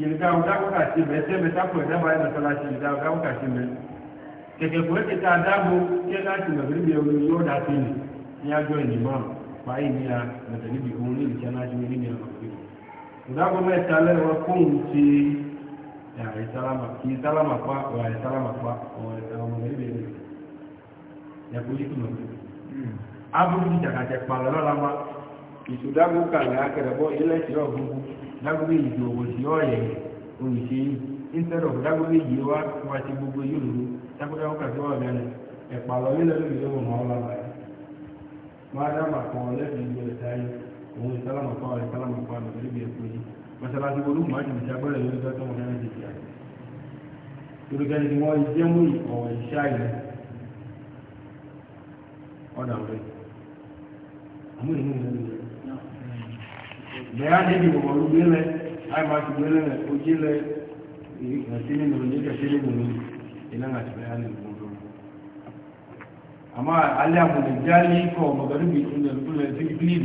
kìlìkà ọ̀dá kọ́kà sí mẹ́ tẹ́ mẹ́ta pọ̀ ẹ̀dá báyìí mẹ́tọ́lá sí ìdá ọ̀dá kọ́kà sí mẹ́ kẹ̀kẹ́ pọ̀ ẹ̀kẹ́ tá a dáàbò kí ẹ láti mẹ̀tẹ́lí bí ẹni yóò dá sí ni ní ajọ́ ìnìmọ̀ báyìí ní a mẹ̀tẹ́lí bí òun ní ìjẹ́ láti ní ní ọ̀rọ̀ bí. ọ̀dàgbọ́ mẹ́ta lẹ́wọ́ fóun ti ìsálámàpá ọ̀rọ̀ ìsálámàpá ọ̀rọ̀ ìsálámàpá ọ̀rọ̀ ìsálámàpá lágbègbè ìdò òwò sí ọ̀yẹ̀ òwìṣe instead of lágbègbè yìí wá wá sí gbogbo yìí lòlú lágbègbè àwọn kàtó wà lẹ́nu ẹ̀pà lọ nílẹ̀ lórí ìdó òwò máa wà máa dáàmà kan lẹ́sìn ìgbẹ́ ìtayé òun ìsálámà kan àti ìsálámà kan àti ìbí ẹ̀kọ́ yìí mọ́sálásí olùkọ́ máa jìbìtì agbẹ́rẹ́ yóò dọ́tọ́ wọn náà ti di àná torikẹ́ni tí wọ́n jẹ́ mú ọ̀rọ̀ ìṣá yìí ọ̀dà rẹ̀ àmúlẹ̀ mú ìlú rẹ̀ bẹ́ẹ̀ àdébì wọ̀wọ̀lú gbélẹ̀ àìbáṣe gbélẹ̀ ojílẹ̀ ìrìnàṣílẹ̀ nìrò ní ìkẹsílẹ̀ nìrò ìlànà àti bẹ́ẹ̀ àlè ìgbòdó àmọ́ alẹ́ àmọ̀lẹ̀ jálẹ̀ ikọ̀ mọ̀gàdúgbì ìpínlẹ̀ fílípìlì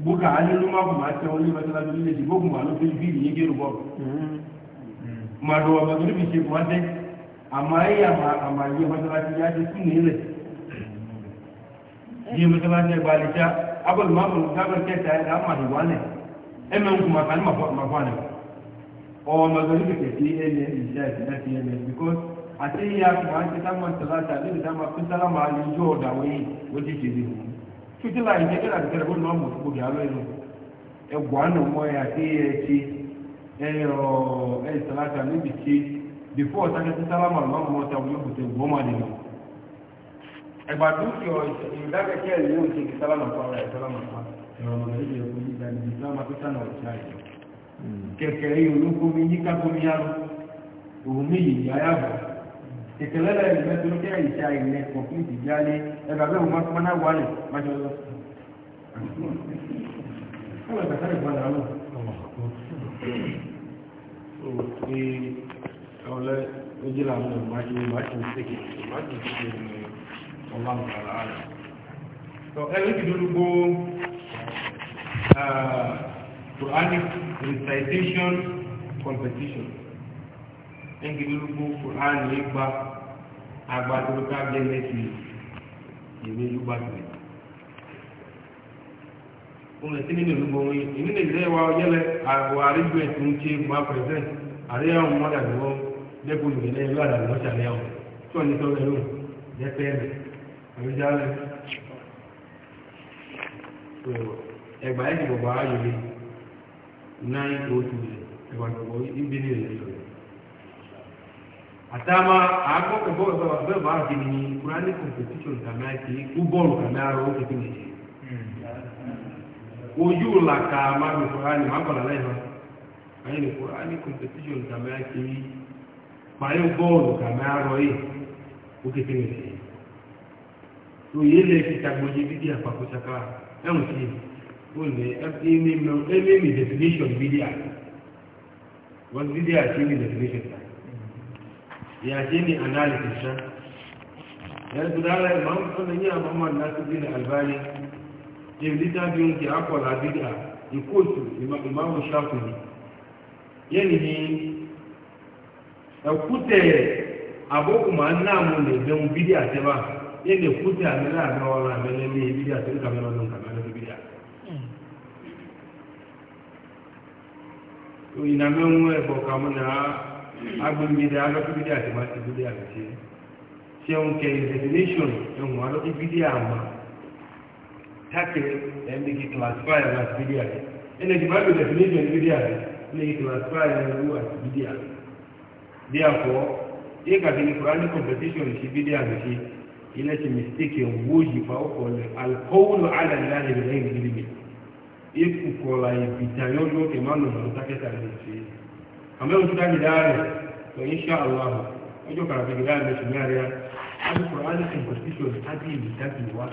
gbókà alẹ́ ló má kùn máa tẹ́ ọlé mẹ́tẹ́lá tó lè dìbò kùn máa ló fílípìlì yé gẹ́rù bọ́ màdùn ọ̀gàdúgbì ṣe kùn wá tẹ́ àmọ́ ayé àmàyé mẹ́tẹ́lá ti yá ti kún nílẹ̀ yé mẹ́tẹ́lá tẹ́ gbalẹ̀ já abọ́lùmọ́ àmọ̀lùmọ́ sábẹ̀ kẹta ẹmẹ nkù màkà ní màkà ní ọwọ́ magani kẹ̀kẹ́ tí ẹ lẹ ìṣe àti láti ẹ lẹ àti ìyá kò máa ń ṣe táwọn lórí táwọn pínpín láwọn àlejò ọ̀dà ó ti ṣe léwu títí láì jẹ́ kí láti kẹ́rẹ́ bó lọ́wọ́ mọ̀ gbogbo àlọ́ ẹ̀rọ ẹ̀gbọ́n àná ẹ àti níbi ṣe kò tẹ̀ ẹ̀gbà ìrọ̀lọ́lẹ́yìn ẹ̀kọ́ yíga ní ìsáàmà tó sánà ọ̀tá ẹ̀ kẹ̀kẹ́ olókomi yíká komi yáró òun méjì ní ayábọ̀ ìtẹ̀lẹ́lẹ̀ ìgbẹ́ tó jẹ́ ìṣà ilẹ̀ kọ̀pìlìtì jálé ẹgbà bẹ́ẹ̀ wọ́n máa ná wàlẹ̀ májọ lọ. ọ̀rọ̀ ìgbà sáré gbọ́dọ̀ lọ. òkè ọ̀lẹ́ ojúlàmù máa ṣe máa ṣe ń ṣèkè máa ṣe ń ṣèkè ọlọ́run kàrà áàrùn so ẹ̀rọ ìdí lórúkọ Quranic recitation competition ẹ̀rọ ìdí lórúkọ Quranic nípa agbadoroka gẹ́gẹ́sì ìwé lúgbàgbé ohun ẹ̀sìn nínú ìlúgbọ̀n wọn ìní lè jẹ́ wa ọjọ́lẹ̀ àwọ̀ àrígbò ẹ̀sìn ń ṣe gbà pẹ̀sẹ̀ àríyá ohun mọ́dà ni wọ́n lẹ́kùn ìrìnlẹ̀ ìlú àdàlù lọ́sàlẹ̀ àwọn tí wọ́n ní sọ́rọ̀ ẹ̀rọ jẹ́ pẹ́ẹ́lẹ̀ àríjálẹ̀ ẹgbà ẹ̀dì bọ̀bọ̀ ayò lè náà ìlú oṣù rẹ̀ ẹgbà ìgbọ̀ ìbí ní ìlú rẹ̀ àtàmà àkọ́kọ́ bọ́ọ̀lù sọ bẹ́ẹ̀ bá di ní kúránì competition kàmí àti kú bọ́ọ̀lù kàmí àrò ó kékeré nìyẹn ojú làkà máa mi kúránì máa kọ̀ lálẹ́ yẹn ayé ní kúránì competition kàmí àti pàyẹ bọ́ọ̀lù kàmí àrò yìí ó kékeré nìyẹn tó yé lè fi tagbo ẹ̀wọ̀n sí òní ẹ̀mẹ́ mi definition bídíà wọ́n bídíà ṣe ní definition ta ìyá ṣe ní analysis ṣá ẹ̀rẹ́ tó dára ẹ̀ máa ń fọ́nà ní àmọ́mọ́ lásìkò ní albani ṣe bídíà bí oúnjẹ akọ̀lá bídíà ìkóòtù ìmáwò ṣàkùnrin yẹ́nì ní ẹ̀kútẹ̀ àbókùnmá náà mo lè dẹun bídíà tẹ́wàá yadda kuce a nila a gawa na mai lalle ya bidiya sun kamar wannan kamar na bidiya to ina mai nwa ya boka muna abin bidiya ga su bidiya ta masu bidiya ga ce ṣe ń kẹ definition ẹ̀hùn alókè bidiya ma take ẹni kì classify as bidiya ẹni kì máa bí definition bidiya ẹni kì classify as bidiya therefore yíkàtí ní kùránì competition ṣe bidiya se ina ce mistake woji fa ko le al qawlu ala allahi bi ghayri ilmi iku ko la ibita yo yo ke manu mo ta ke ta ni ci ame o ta ni dare to insha allah o jo kara bi dare ni maria al qur'an in constitution hadi ni ta bi wa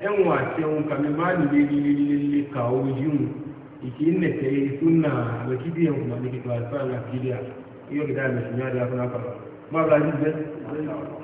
en wa ti on ka mi ma ni ni ni ni ka o jiun iki ne te sunna le ki bi en ma ni ki to al qur'an ka ma la ni be